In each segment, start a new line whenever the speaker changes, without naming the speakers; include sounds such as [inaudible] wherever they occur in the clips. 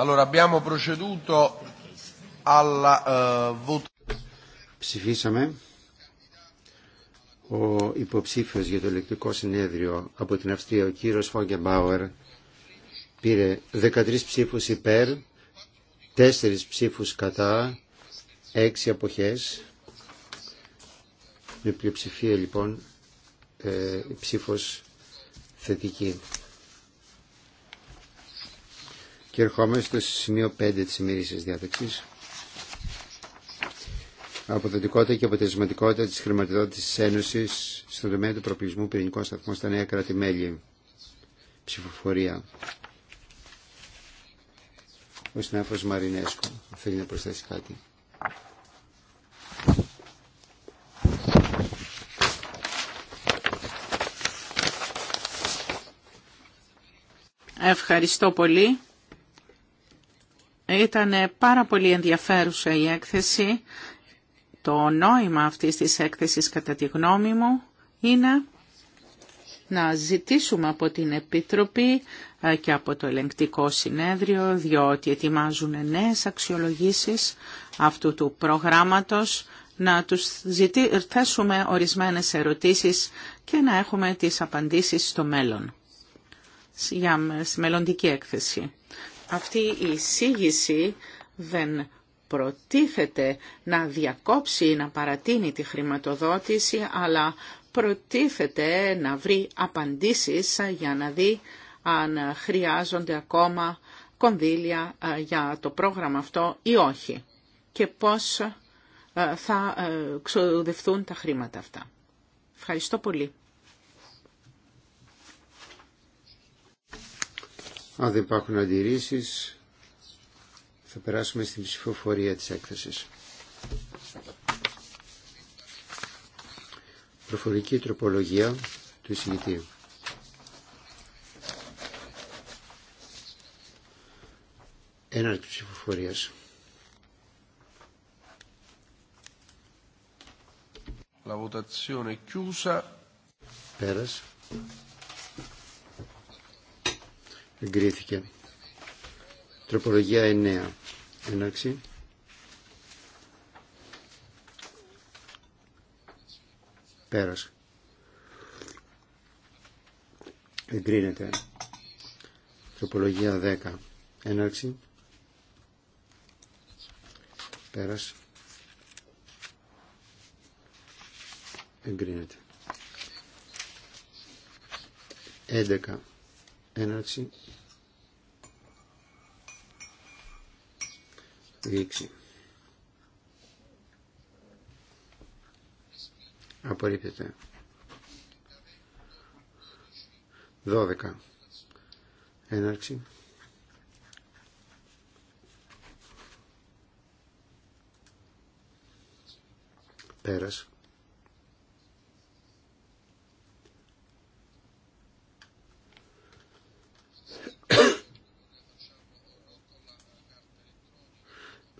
Allora abbiamo proceduto alla eh, Ψηφίσαμε ο υποψήφιος για το ηλεκτρικό συνέδριο από την Αυστρία, ο κύριος Φόγκεμπάουερ, πήρε 13 ψήφους υπέρ, 4 ψήφους κατά, 6 αποχές. Με πλειοψηφία λοιπόν ε, ψήφος θετική. Και ερχόμαστε στο σημείο 5 της ημερήσιας διάταξης. Αποδοτικότητα και αποτελεσματικότητα της χρηματοδότησης της Ένωσης στον τομέα του προπλησμού πυρηνικών σταθμών στα νέα κράτη-μέλη. Ψηφοφορία. Ο συνάδελφος Μαρινέσκο θέλει να προσθέσει κάτι.
Ευχαριστώ πολύ. Ήταν πάρα πολύ ενδιαφέρουσα η έκθεση. Το νόημα αυτής της έκθεσης κατά τη γνώμη μου είναι να ζητήσουμε από την Επίτροπη ε, και από το ελεγκτικό συνέδριο, διότι ετοιμάζουν νέες αξιολογήσεις αυτού του προγράμματος, να τους ζητή, ε, θέσουμε ορισμένες ερωτήσεις και να έχουμε τις απαντήσεις στο μέλλον, για, στη μελλοντική έκθεση αυτή η εισήγηση δεν προτίθεται να διακόψει ή να παρατείνει τη χρηματοδότηση, αλλά προτίθεται να βρει απαντήσεις για να δει αν χρειάζονται ακόμα κονδύλια ε, για το πρόγραμμα αυτό ή όχι και πώς ε, θα ε, ξοδευτούν τα χρήματα αυτά. Ευχαριστώ πολύ.
Αν δεν υπάρχουν αντιρρήσεις, θα περάσουμε στην ψηφοφορία της έκθεσης. Προφορική τροπολογία του εισηγητή. Έναρξη ψηφοφορίας. La
votazione è
Εγκρίθηκε. Τροπολογία 9. Έναρξη. Πέρας. Εγκρίνεται. Τροπολογία 10. Έναρξη. Πέρας. Εγκρίνεται. 11. Έναρξη. 6. Απορρίπτεται. 12. Έναρξη. Πέρασε.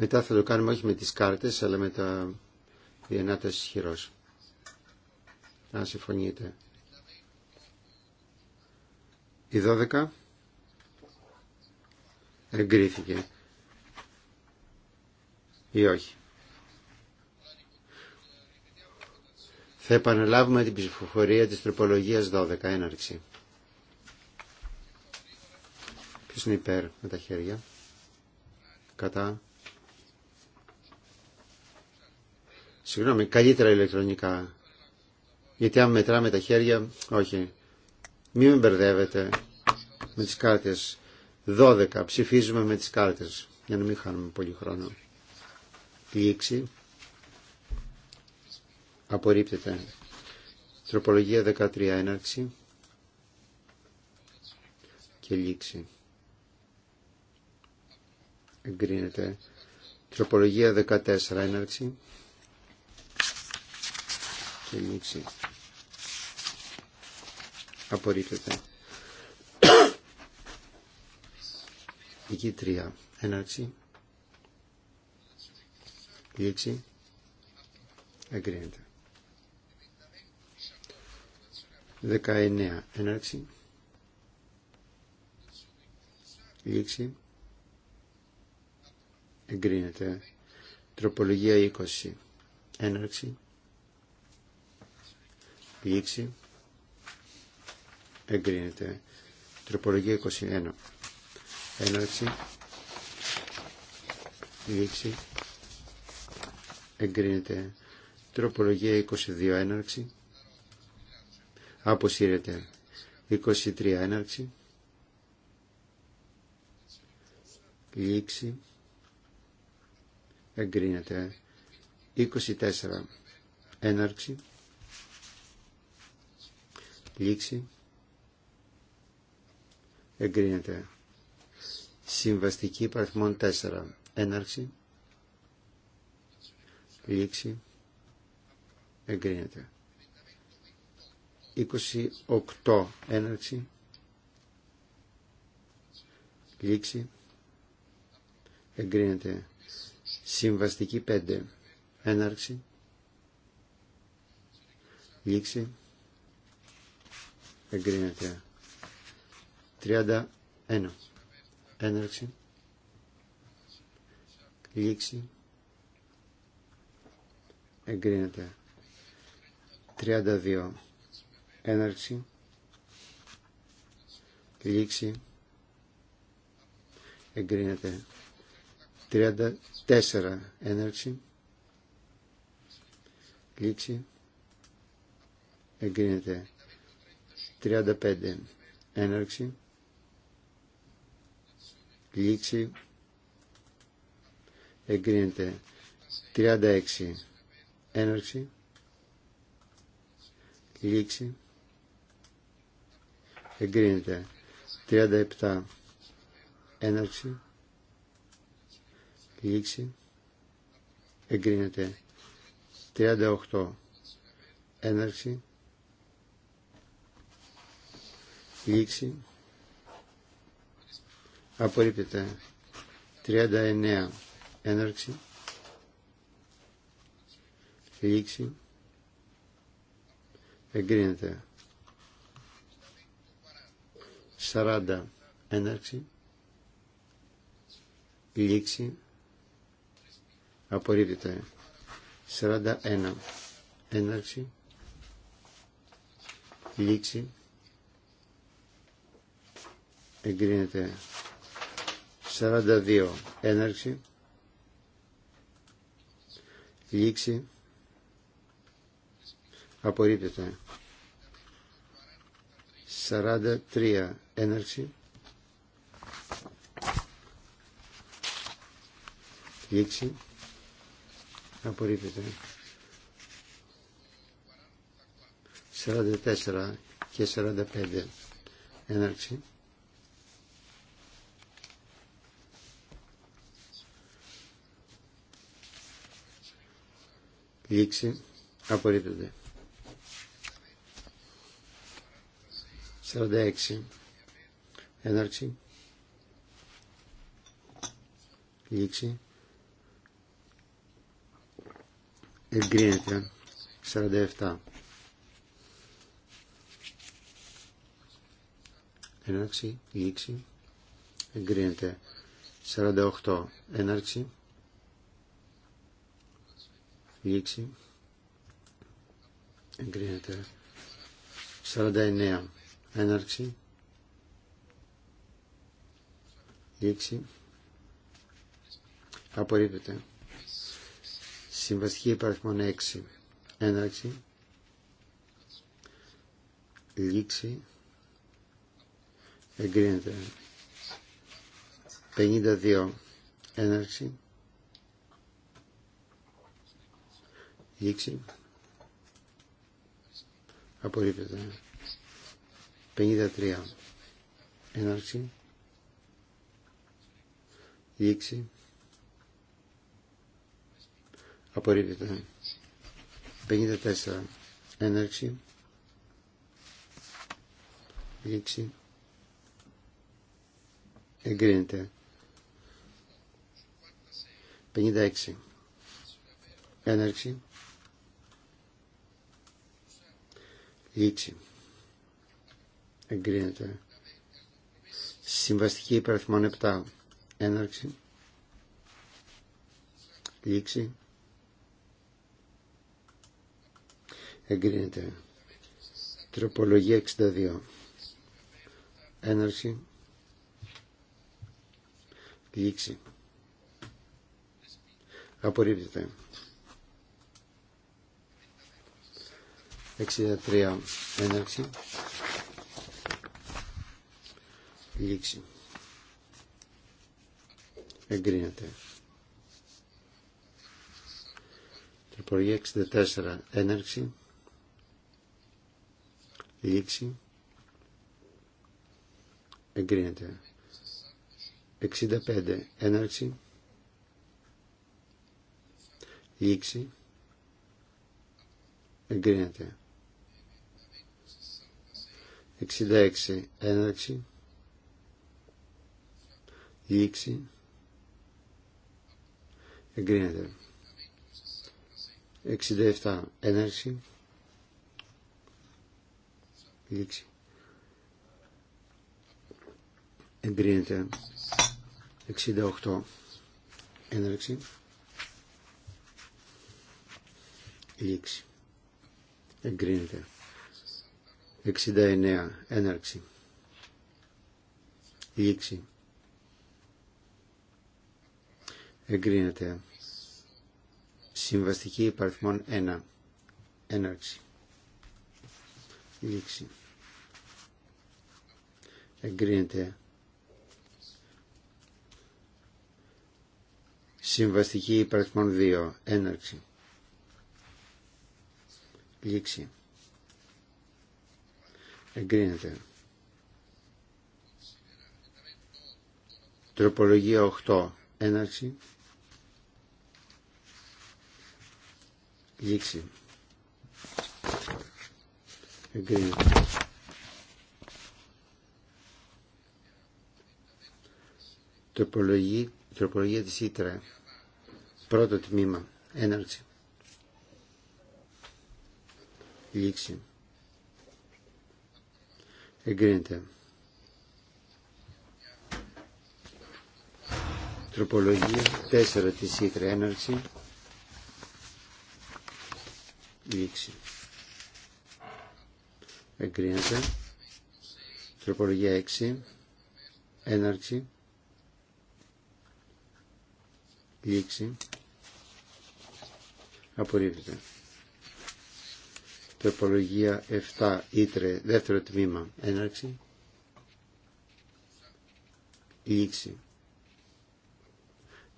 Μετά θα το κάνουμε όχι με τις κάρτες, αλλά με τα διενάτες χειρός. Αν συμφωνείτε. Η 12 εγκρίθηκε ή όχι. Θα επαναλάβουμε την ψηφοφορία της τροπολογίας 12, έναρξη. Ποιος είναι υπέρ με τα χέρια. Κατά. Συγγνώμη, καλύτερα ηλεκτρονικά. Γιατί αν μετράμε τα χέρια, όχι. Μην με μπερδεύετε με τις κάρτες. 12 ψηφίζουμε με τις κάρτες, για να μην χάνουμε πολύ χρόνο. Λήξη. Απορρίπτεται. Τροπολογία 13 έναρξη και λήξη. Εγκρίνεται. Τροπολογία 14 έναρξη και λήξη. Απορρίπτεται. Εκεί τρία Έναρξη. Λήξη. Εγκρίνεται. Δεκαεννέα, Έναρξη. Λήξη. Εγκρίνεται. Τροπολογία 20. Έναρξη λήξη εγκρίνεται τροπολογία 21 έναρξη λήξη εγκρίνεται τροπολογία 22 έναρξη αποσύρεται 23 έναρξη λήξη εγκρίνεται 24 έναρξη Λήξη. Εγκρίνεται. Συμβαστική παραθμόν 4. Έναρξη. Λήξη. Εγκρίνεται. 28. Έναρξη. Λήξη. Εγκρίνεται. Συμβαστική 5. Έναρξη. Λήξη εγκρίνεται 31 έναρξη λήξη εγκρίνεται 32 έναρξη λήξη εγκρίνεται 34 έναρξη λήξη εγκρίνεται 35. Έναρξη. Λήξη. Εγκρίνεται. 36. Έναρξη. Λήξη. Εγκρίνεται. 37. Έναρξη. Λήξη. Εγκρίνεται. 38. Έναρξη. λήξη απορρίπτεται 39 έναρξη λήξη εγκρίνεται 40 έναρξη λήξη απορρίπτεται 41 έναρξη λήξη εγκρίνεται 42 έναρξη λήξη απορρίπτεται 43 έναρξη λήξη απορρίπτεται 44 και 45 έναρξη Λήξη. Απορρίπτεται. 46. Έναρξη. Λήξη. Εγκρίνεται. 47. Έναρξη. Λήξη. Εγκρίνεται. 48. Έναρξη. Λήξη. Εγκρίνεται. 49. Έναρξη. Λήξη. Απορρίπτεται. Συμβαστική υπαριθμόν 6. Έναρξη. Λήξη. Εγκρίνεται. 52. Έναρξη. Λήξη. Απορρίπτεται. 53. Έναρξη. Λήξη. Απορρίπτεται. 54. Έναρξη. Λήξη. Εγκρίνεται. 56. Έναρξη. Λήξη. Εγκρίνεται. Συμβαστική υπεραθμόν 7. Έναρξη. Λήξη. Εγκρίνεται. Τροπολογία 62. Έναρξη. Λήξη. Απορρίπτεται. 63 έναρξη λήξη εγκρίνεται τροπολογία 64 έναρξη λήξη εγκρίνεται 65 έναρξη λήξη εγκρίνεται 66 έναρξη λήξη εγκρίνεται 67 έναρξη λήξη εγκρίνεται 68 έναρξη λήξη εγκρίνεται 69 έναρξη λήξη εγκρίνεται συμβαστική υπαριθμών 1 έναρξη λήξη εγκρίνεται συμβαστική υπαριθμών 2 έναρξη λήξη Εγκρίνεται. Τροπολογία 8. Έναρξη. Λήξη. Εγκρίνεται. Τροπολογία, τροπολογία της Ήτρα. Πρώτο τμήμα. Έναρξη. Λήξη εγκρίνεται. Τροπολογία 4 της ήθρα έναρξη. Λήξη. Εγκρίνεται. Τροπολογία 6. Έναρξη. Λήξη. Απορρίπτεται. Τροπολογία 7 Ήτρε δεύτερο τμήμα έναρξη λήξη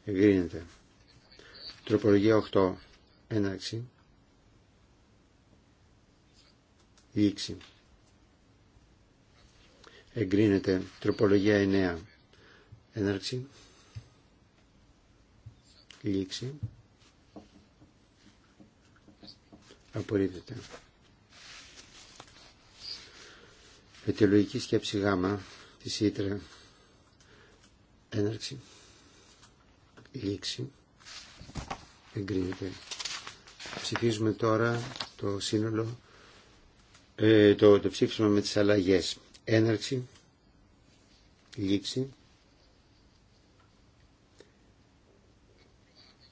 εγκρίνεται Τροπολογία 8 έναρξη λήξη εγκρίνεται Τροπολογία 9 έναρξη λήξη απορρίπτεται Αιτιολογική σκέψη Γ, τη Ήτρε. Έναρξη. Λήξη. Εγκρίνεται. Ψηφίζουμε τώρα το σύνολο, ε, το, το ψήφισμα με τις αλλαγές. Έναρξη. Λήξη.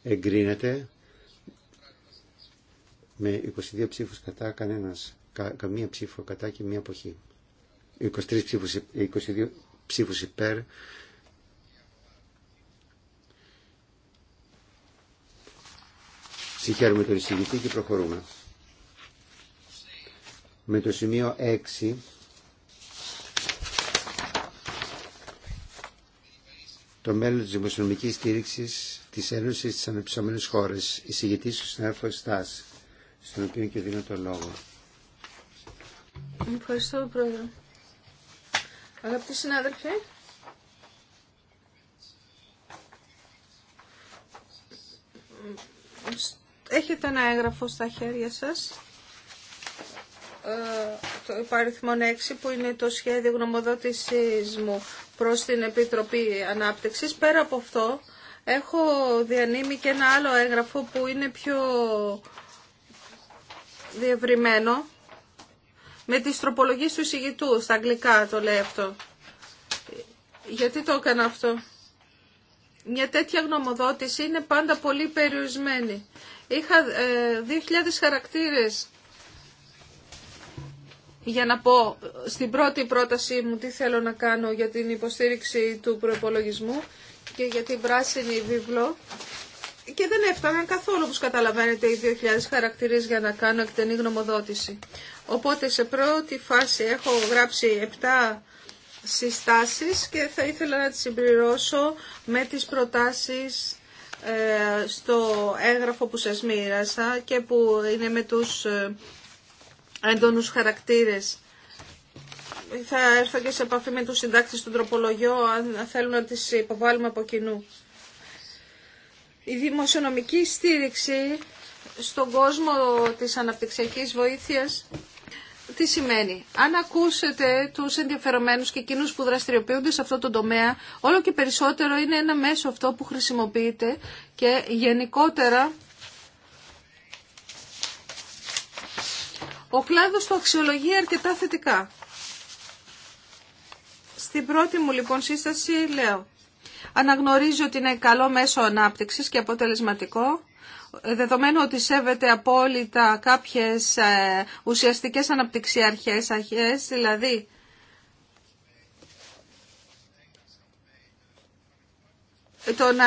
Εγκρίνεται με 22 ψήφους κατά, κανένας, καμία ψήφο κατά και μία αποχή. 23 ψήφους, 22 ψήφους υπέρ. Συγχαίρουμε τον εισηγητή και προχωρούμε. Με το σημείο 6 το μέλλον της δημοσιονομικής στήριξης της Ένωσης της αναπτυσσόμενες χώρες, εισηγητής του συνάδελφου ΣΤΑΣ στον οποίο και δίνω το λόγο.
Ευχαριστώ, Πρόεδρε. Αγαπητοί συνάδελφοι, έχετε ένα έγγραφο στα χέρια σας, ε, το υπαριθμό 6 που είναι το σχέδιο γνωμοδότησης μου προς την Επιτροπή Ανάπτυξης. Πέρα από αυτό έχω διανύμει και ένα άλλο έγγραφο που είναι πιο διευρυμένο με τις τροπολογίες του εισηγητού. Στα αγγλικά το λέει αυτό. Γιατί το έκανα αυτό. Μια τέτοια γνωμοδότηση είναι πάντα πολύ περιορισμένη. Είχα ε, 2.000 χαρακτήρες για να πω στην πρώτη πρότασή μου τι θέλω να κάνω για την υποστήριξη του προπολογισμού και για την πράσινη βίβλο και δεν έφταναν καθόλου, όπως καταλαβαίνετε, οι 2.000 χαρακτηρίες για να κάνω εκτενή γνωμοδότηση. Οπότε σε πρώτη φάση έχω γράψει 7 συστάσεις και θα ήθελα να τις συμπληρώσω με τις προτάσεις ε, στο έγγραφο που σας μοίρασα και που είναι με τους ε, έντονους χαρακτήρες. Θα έρθω και σε επαφή με τους συντάκτες του τροπολογιού, αν θέλουν να τις υποβάλουμε από κοινού. Η δημοσιονομική στήριξη στον κόσμο της αναπτυξιακής βοήθειας τι σημαίνει. Αν ακούσετε τους ενδιαφερομένους και εκείνους που δραστηριοποιούνται σε αυτό το τομέα, όλο και περισσότερο είναι ένα μέσο αυτό που χρησιμοποιείται και γενικότερα ο κλάδος το αξιολογεί αρκετά θετικά. Στην πρώτη μου λοιπόν σύσταση λέω αναγνωρίζει ότι είναι καλό μέσο ανάπτυξης και αποτελεσματικό, δεδομένου ότι σέβεται απόλυτα κάποιες ε, ουσιαστικές αναπτυξιαρχές αρχές, δηλαδή το να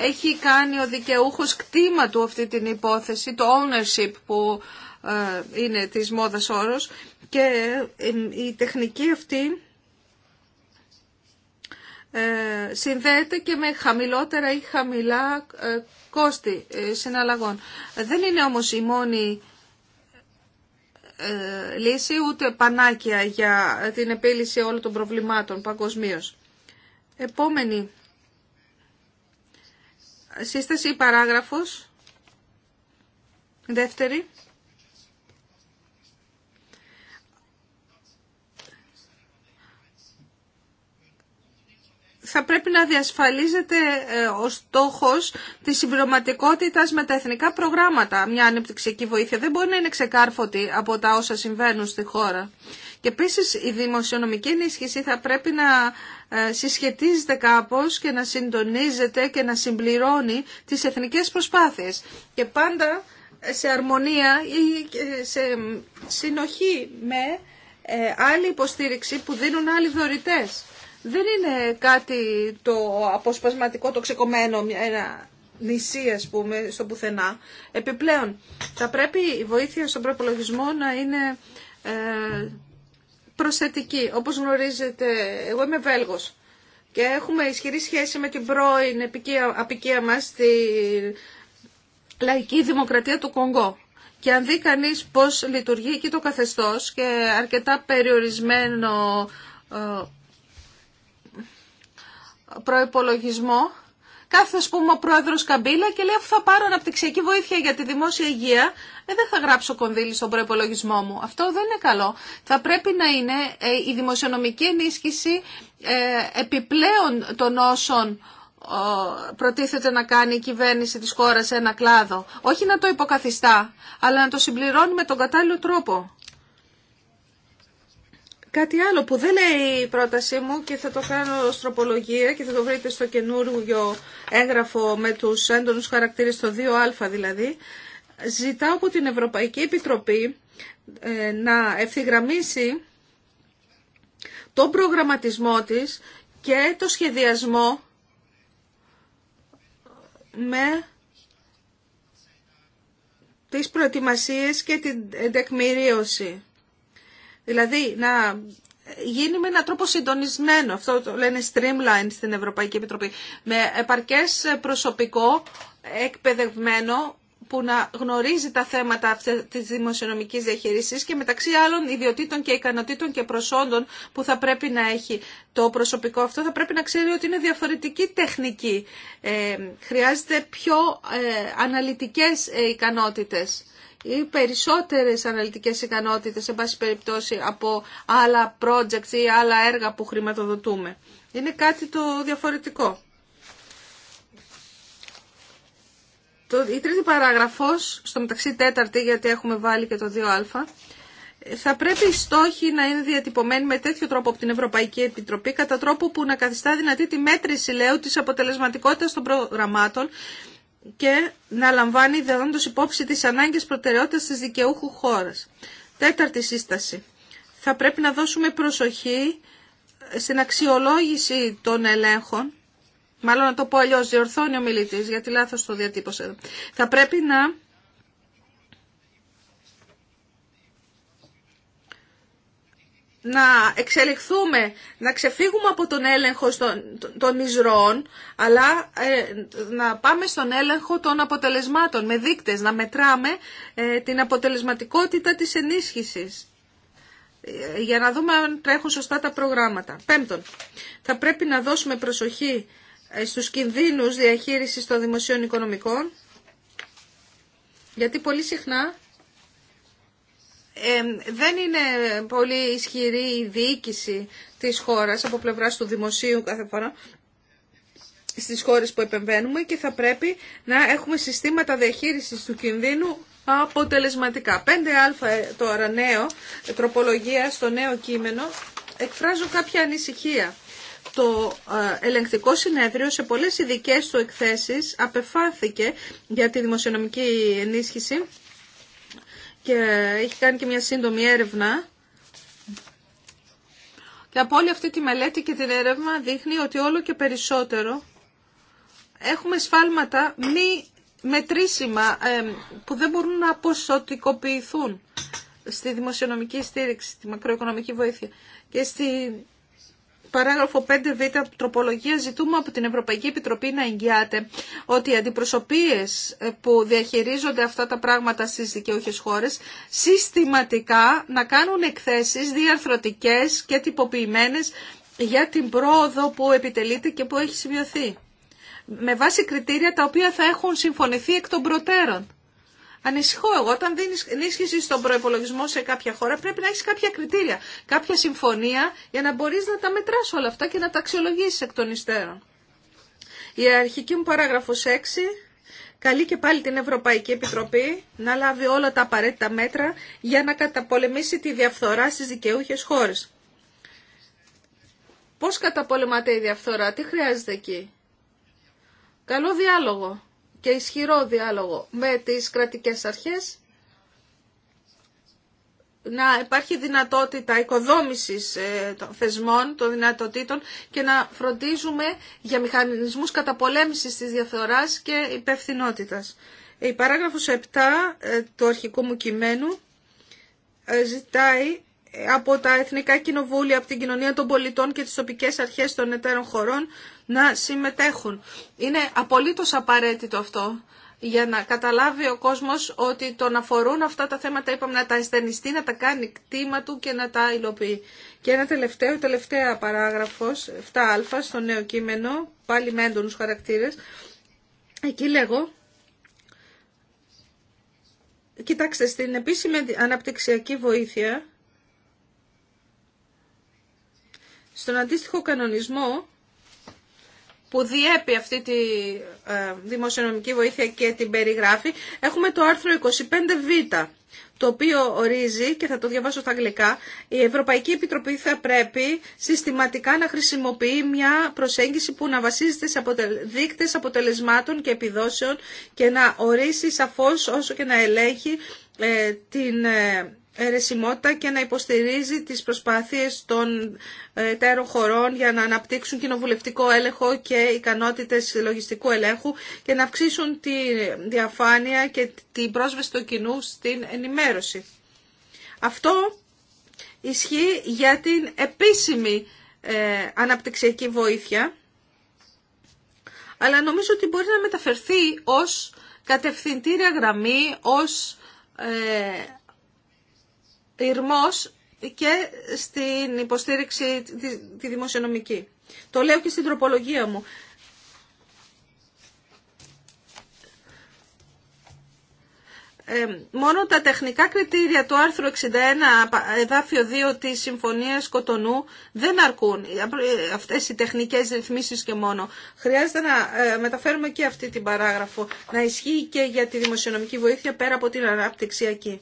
έχει κάνει ο δικαιούχος κτήμα του αυτή την υπόθεση, το ownership που ε, είναι της μόδας όρος και ε, η τεχνική αυτή ε, συνδέεται και με χαμηλότερα ή χαμηλά ε, κόστη ε, συναλλαγών. Δεν είναι όμως η μόνη λύση ούτε πανάκια για την επίλυση όλων των προβλημάτων παγκοσμίως. Επόμενη σύσταση ή παράγραφος. Δεύτερη. θα πρέπει να διασφαλίζεται ε, ο στόχος της συμπληρωματικότητας με τα εθνικά προγράμματα. Μια ανεπτυξιακή βοήθεια δεν μπορεί να είναι ξεκάρφωτη από τα όσα συμβαίνουν στη χώρα. Και επίση η δημοσιονομική ενίσχυση θα πρέπει να ε, συσχετίζεται κάπως και να συντονίζεται και να συμπληρώνει τις εθνικές προσπάθειες. Και πάντα ε, σε αρμονία ή σε συνοχή με άλλη υποστήριξη που δίνουν άλλοι δωρητές δεν είναι κάτι το αποσπασματικό, το ξεκομμένο, ένα νησί ας πούμε στο πουθενά. Επιπλέον θα πρέπει η βοήθεια στον προπολογισμό να είναι ε, προσθετική. Όπως γνωρίζετε, εγώ είμαι Βέλγος και έχουμε ισχυρή σχέση με την πρώην επικία, απικία μας στη λαϊκή δημοκρατία του Κονγκό. Και αν δει κανεί πώς λειτουργεί εκεί το καθεστώς και αρκετά περιορισμένο ε, προεπολογισμό. κάθε ας πούμε ο πρόεδρος Καμπίλα και λέει αφού θα πάρω αναπτυξιακή βοήθεια για τη δημόσια υγεία, ε, δεν θα γράψω κονδύλι στον προπολογισμό μου. Αυτό δεν είναι καλό. Θα πρέπει να είναι ε, η δημοσιονομική ενίσχυση ε, επιπλέον των όσων προτίθεται να κάνει η κυβέρνηση της χώρας σε ένα κλάδο. Όχι να το υποκαθιστά, αλλά να το συμπληρώνει με τον κατάλληλο τρόπο. Κάτι άλλο που δεν λέει η πρότασή μου και θα το κάνω ως τροπολογία και θα το βρείτε στο καινούργιο έγγραφο με τους έντονους χαρακτήρες το 2α δηλαδή. Ζητάω από την Ευρωπαϊκή Επιτροπή ε, να ευθυγραμμίσει τον προγραμματισμό της και το σχεδιασμό με τις προετοιμασίες και την τεκμηρίωση Δηλαδή να γίνει με έναν τρόπο συντονισμένο, αυτό το λένε streamline στην Ευρωπαϊκή Επιτροπή, με επαρκές προσωπικό εκπαιδευμένο που να γνωρίζει τα θέματα αυτή της δημοσιονομικής διαχείρισης και μεταξύ άλλων ιδιωτήτων και ικανοτήτων και προσόντων που θα πρέπει να έχει το προσωπικό αυτό θα πρέπει να ξέρει ότι είναι διαφορετική τεχνική. Ε, χρειάζεται πιο ε, αναλυτικές ε, ικανότητες ή περισσότερες αναλυτικές ικανότητες, σε πάση περιπτώσει, από άλλα projects ή άλλα έργα που χρηματοδοτούμε. Είναι κάτι το διαφορετικό. η τρίτη παράγραφος, στο μεταξύ τέταρτη, γιατί έχουμε βάλει και το 2α, θα πρέπει οι στόχοι να είναι διατυπωμένοι με τέτοιο τρόπο από την Ευρωπαϊκή Επιτροπή, κατά τρόπο που να καθιστά δυνατή τη μέτρηση, λέω, της αποτελεσματικότητας των προγραμμάτων και να λαμβάνει δεδόντως υπόψη τις ανάγκες προτεραιότητας της δικαιούχου χώρας. Τέταρτη σύσταση. Θα πρέπει να δώσουμε προσοχή στην αξιολόγηση των ελέγχων Μάλλον να το πω αλλιώς. διορθώνει ο μιλητής γιατί λάθος το διατύπωσε. Θα πρέπει να να εξελιχθούμε, να ξεφύγουμε από τον έλεγχο των εισρώων, αλλά ε, να πάμε στον έλεγχο των αποτελεσμάτων με δείκτες, να μετράμε ε, την αποτελεσματικότητα της ενίσχυσης ε, για να δούμε αν τρέχουν σωστά τα προγράμματα. Πέμπτον, θα πρέπει να δώσουμε προσοχή στους κινδύνους διαχείρισης των δημοσίων οικονομικών, γιατί πολύ συχνά δεν είναι πολύ ισχυρή η διοίκηση της χώρας από πλευράς του δημοσίου κάθε φορά στις χώρες που επεμβαίνουμε και θα πρέπει να έχουμε συστήματα διαχείρισης του κινδύνου αποτελεσματικά. 5α ε, τώρα νέο, τροπολογία στο νέο κείμενο, εκφράζω κάποια ανησυχία. Το ε, ελεγκτικό συνέδριο σε πολλές ειδικέ του εκθέσεις απεφάθηκε για τη δημοσιονομική ενίσχυση και έχει κάνει και μια σύντομη έρευνα. Και από όλη αυτή τη μελέτη και την έρευνα δείχνει ότι όλο και περισσότερο έχουμε σφάλματα μη μετρήσιμα που δεν μπορούν να ποσοτικοποιηθούν στη δημοσιονομική στήριξη, στη μακροοικονομική βοήθεια και στη παράγραφο 5β τροπολογία ζητούμε από την Ευρωπαϊκή Επιτροπή να εγγυάται ότι οι αντιπροσωπείες ε, που διαχειρίζονται αυτά τα πράγματα στις δικαιούχες χώρες συστηματικά να κάνουν εκθέσεις διαρθρωτικές και τυποποιημένες για την πρόοδο που επιτελείται και που έχει σημειωθεί. Με βάση κριτήρια τα οποία θα έχουν συμφωνηθεί εκ των προτέρων. Ανησυχώ εγώ, όταν δίνει ενίσχυση στον προπολογισμό σε κάποια χώρα πρέπει να έχει κάποια κριτήρια, κάποια συμφωνία για να μπορεί να τα μετρά όλα αυτά και να τα αξιολογήσει εκ των υστέρων. Η αρχική μου παράγραφος 6 καλεί και πάλι την Ευρωπαϊκή Επιτροπή να λάβει όλα τα απαραίτητα μέτρα για να καταπολεμήσει τη διαφθορά στις δικαιούχες χώρες. Πώς καταπολεμάται η διαφθορά, τι χρειάζεται εκεί. Καλό διάλογο και ισχυρό διάλογο με τις κρατικές αρχές να υπάρχει δυνατότητα οικοδόμησης ε, των θεσμών, των δυνατοτήτων και να φροντίζουμε για μηχανισμούς καταπολέμησης της διαφθοράς και υπευθυνότητας. Η παράγραφος 7 ε, του αρχικού μου κειμένου ε, ζητάει από τα Εθνικά Κοινοβούλια, από την Κοινωνία των Πολιτών και τις τοπικές αρχές των εταίρων χωρών να συμμετέχουν. Είναι απολύτως απαραίτητο αυτό για να καταλάβει ο κόσμος ότι τον αφορούν αυτά τα θέματα, είπαμε να τα αισθενιστεί, να τα κάνει κτήμα του και να τα υλοποιεί. Και ένα τελευταίο, τελευταία παράγραφος, 7α στο νέο κείμενο, πάλι με έντονους χαρακτήρες, εκεί λέγω, κοιτάξτε, στην επίσημη αναπτυξιακή βοήθεια, στον αντίστοιχο κανονισμό, που διέπει αυτή τη ε, δημοσιονομική βοήθεια και την περιγράφει, έχουμε το άρθρο 25β, το οποίο ορίζει, και θα το διαβάσω στα αγγλικά, η Ευρωπαϊκή Επιτροπή θα πρέπει συστηματικά να χρησιμοποιεί μια προσέγγιση που να βασίζεται σε δείκτες αποτελεσμάτων και επιδόσεων και να ορίσει σαφώς όσο και να ελέγχει ε, την ε, και να υποστηρίζει τις προσπάθειες των εταίρων χωρών για να αναπτύξουν κοινοβουλευτικό έλεγχο και ικανότητες λογιστικού ελέγχου και να αυξήσουν τη διαφάνεια και την πρόσβαση του κοινού στην ενημέρωση. Αυτό ισχύει για την επίσημη ε, αναπτυξιακή βοήθεια, αλλά νομίζω ότι μπορεί να μεταφερθεί ως κατευθυντήρια γραμμή, ως ε, Ηρμός και στην υποστήριξη τη δημοσιονομική. Το λέω και στην τροπολογία μου. Ε, μόνο τα τεχνικά κριτήρια του άρθρου 61 εδάφιο 2 της Συμφωνίας Κοτονού δεν αρκούν ε, ε, αυτές οι τεχνικές ρυθμίσεις και μόνο. Χρειάζεται να μεταφέρουμε και αυτή την παράγραφο να ισχύει και για τη δημοσιονομική βοήθεια πέρα από την εκεί.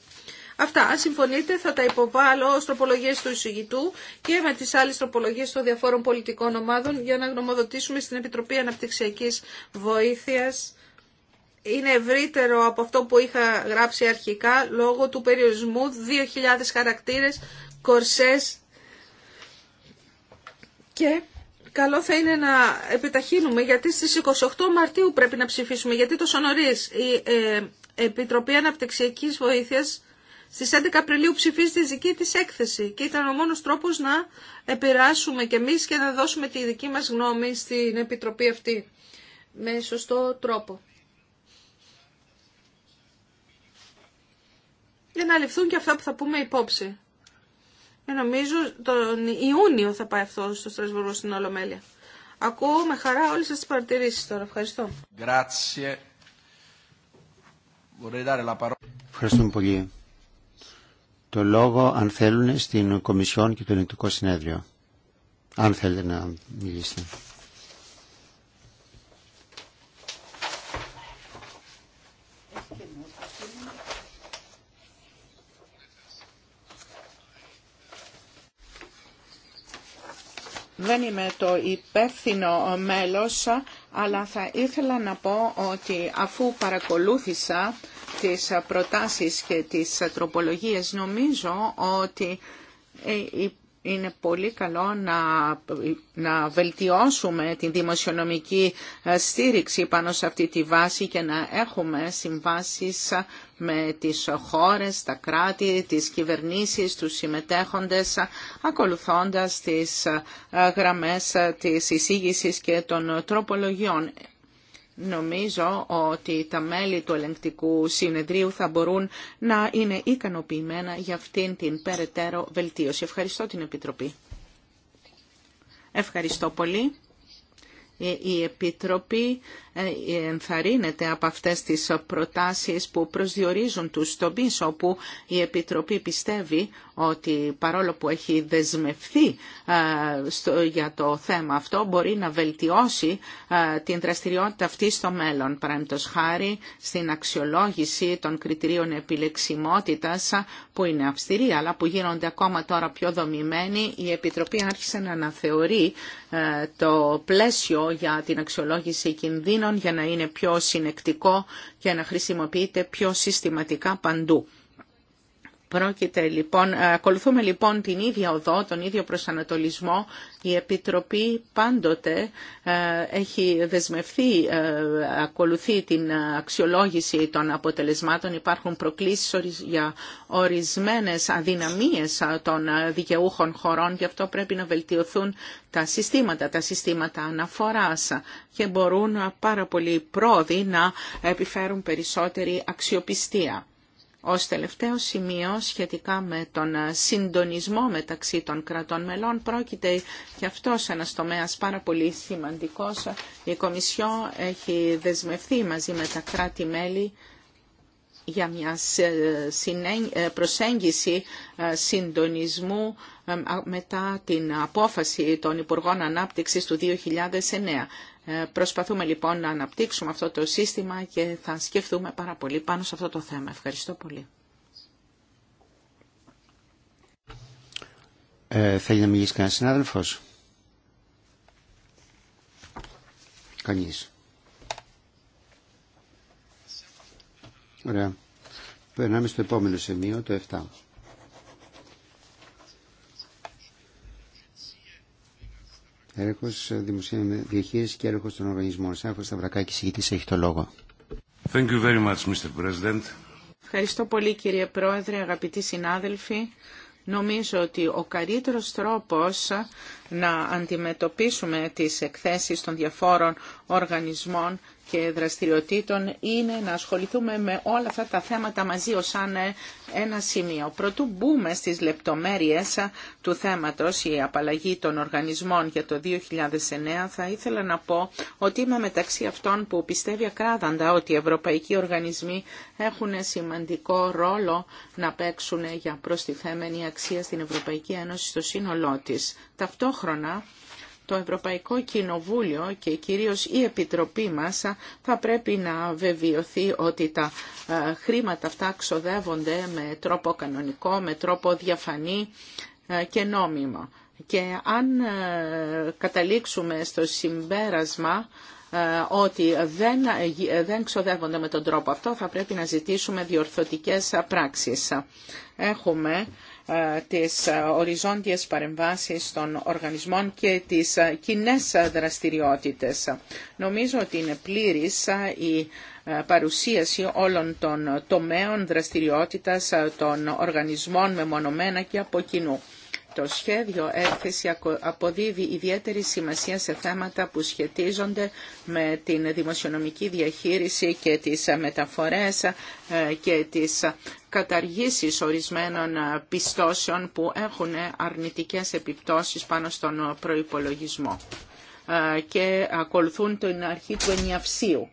Αυτά, αν συμφωνείτε, θα τα υποβάλω ως τροπολογίες του εισηγητού και με τις άλλες τροπολογίες των διαφόρων πολιτικών ομάδων για να γνωμοδοτήσουμε στην Επιτροπή Αναπτυξιακής Βοήθειας. Είναι ευρύτερο από αυτό που είχα γράψει αρχικά λόγω του περιορισμού 2.000 χαρακτήρες, κορσές και καλό θα είναι να επιταχύνουμε γιατί στις 28 Μαρτίου πρέπει να ψηφίσουμε γιατί τόσο νωρίς η ε, Επιτροπή Αναπτυξιακής Βοήθειας Στι 11 Απριλίου ψηφίζεται η δική της έκθεση και ήταν ο μόνος τρόπος να επηρεάσουμε και εμεί και να δώσουμε τη δική μας γνώμη στην Επιτροπή αυτή με σωστό τρόπο. Για να ληφθούν και αυτά που θα πούμε υπόψη. Και νομίζω τον Ιούνιο θα πάει αυτό στο Στρασβούργο στην Ολομέλεια. Ακούω με χαρά όλε σας τι παρατηρήσει τώρα. Ευχαριστώ.
Ευχαριστούμε πολύ το λόγο αν θέλουν στην Κομισιόν και το Ελληνικό Συνέδριο. Αν θέλετε να μιλήσετε.
Δεν είμαι το υπεύθυνο μέλος, αλλά θα ήθελα να πω ότι αφού παρακολούθησα τις προτάσεις και τις τροπολογίες. Νομίζω ότι ε, είναι πολύ καλό να, να βελτιώσουμε την δημοσιονομική ε, στήριξη πάνω σε αυτή τη βάση και να έχουμε συμβάσεις ε, με τις χώρες, τα κράτη, τις κυβερνήσεις, τους συμμετέχοντες, ακολουθώντας τις γραμμές της εισήγησης και των τροπολογιών. Νομίζω ότι τα μέλη του ελεγκτικού συνεδρίου θα μπορούν να είναι ικανοποιημένα για αυτήν την περαιτέρω βελτίωση. Ευχαριστώ την Επιτροπή. Ευχαριστώ πολύ. Ε, η Επιτροπή ενθαρρύνεται από αυτές τις προτάσεις που προσδιορίζουν τους τομείς όπου η Επιτροπή πιστεύει ότι παρόλο που έχει δεσμευθεί ε, για το θέμα αυτό μπορεί να βελτιώσει ε, την δραστηριότητα αυτή στο μέλλον. Παραμπτός χάρη στην αξιολόγηση των κριτηρίων επιλεξιμότητας ε, που είναι αυστηρή αλλά που γίνονται ακόμα τώρα πιο δομημένοι η Επιτροπή άρχισε να αναθεωρεί το πλαίσιο για την αξιολόγηση κινδύνων για να είναι πιο συνεκτικό και να χρησιμοποιείται πιο συστηματικά παντού. Πρόκειται, λοιπόν, ε, ακολουθούμε λοιπόν την ίδια οδό, τον ίδιο προσανατολισμό. Η Επιτροπή πάντοτε ε, έχει δεσμευθεί, ε, ακολουθεί την αξιολόγηση των αποτελεσμάτων. Υπάρχουν προκλήσεις για ορισμένες αδυναμίες των δικαιούχων χωρών, γι' αυτό πρέπει να βελτιωθούν τα συστήματα, τα συστήματα αναφοράς και μπορούν πάρα πολλοί πρόοδοι να επιφέρουν περισσότερη αξιοπιστία. Ως τελευταίο σημείο σχετικά με τον ε, συντονισμό μεταξύ των κρατών μελών πρόκειται και αυτός ένας τομέας πάρα πολύ σημαντικός. Η Κομισιό έχει δεσμευθεί μαζί με τα κράτη-μέλη για μια ε, ε, προσέγγιση συντονισμού μετά την απόφαση των Υπουργών Ανάπτυξης του 2009. Ε, προσπαθούμε λοιπόν να αναπτύξουμε αυτό το σύστημα και θα σκεφτούμε πάρα πολύ πάνω σε αυτό το θέμα. Ευχαριστώ πολύ.
Ε, θέλει να μιλήσει κανένα συνάδελφο. Κανεί. Ωραία. Περνάμε στο επόμενο σημείο, το 7. Έρχο ε, δημοσίων διαχείριση και Έρχο των οργανισμών. Σάφο Σταυρακάκη, ηγητή, έχει το λόγο.
Thank you very much, Mr. President.
Ευχαριστώ πολύ κύριε Πρόεδρε, αγαπητοί συνάδελφοι. Νομίζω ότι ο καλύτερος τρόπος να αντιμετωπίσουμε τις εκθέσεις των διαφόρων οργανισμών και δραστηριοτήτων είναι να ασχοληθούμε με όλα αυτά τα θέματα μαζί ως ε, ένα σημείο. Πρωτού μπούμε στις λεπτομέρειες ε, του θέματος, η απαλλαγή των οργανισμών για το 2009, θα ήθελα να πω ότι είμαι μεταξύ αυτών που πιστεύει ακράδαντα ότι οι ευρωπαϊκοί οργανισμοί έχουν σημαντικό ρόλο να παίξουν για προστιθέμενη αξία στην Ευρωπαϊκή Ένωση στο σύνολό της. Ταυτόχρονα, το Ευρωπαϊκό Κοινοβούλιο και κυρίως η Επιτροπή μας θα πρέπει να βεβαιωθεί ότι τα ε, χρήματα αυτά ξοδεύονται με τρόπο κανονικό, με τρόπο διαφανή ε, και νόμιμο. Και αν ε, καταλήξουμε στο συμπέρασμα ότι δεν, δεν ξοδεύονται με τον τρόπο αυτό, θα πρέπει να ζητήσουμε διορθωτικές πράξεις. Έχουμε ε, τις ε, οριζόντιες παρεμβάσεις των οργανισμών και τις ε, κοινέ δραστηριότητες. Νομίζω ότι είναι πλήρης η παρουσίαση όλων των τομέων δραστηριότητας των οργανισμών μεμονωμένα και από κοινού. Το σχέδιο έκθεση αποδίδει ιδιαίτερη σημασία σε θέματα που σχετίζονται με την δημοσιονομική διαχείριση και τις μεταφορές ε, και τις καταργήσεις ορισμένων πιστώσεων που έχουν αρνητικές επιπτώσεις πάνω στον προϋπολογισμό ε, και ακολουθούν την αρχή του ενιαυσίου.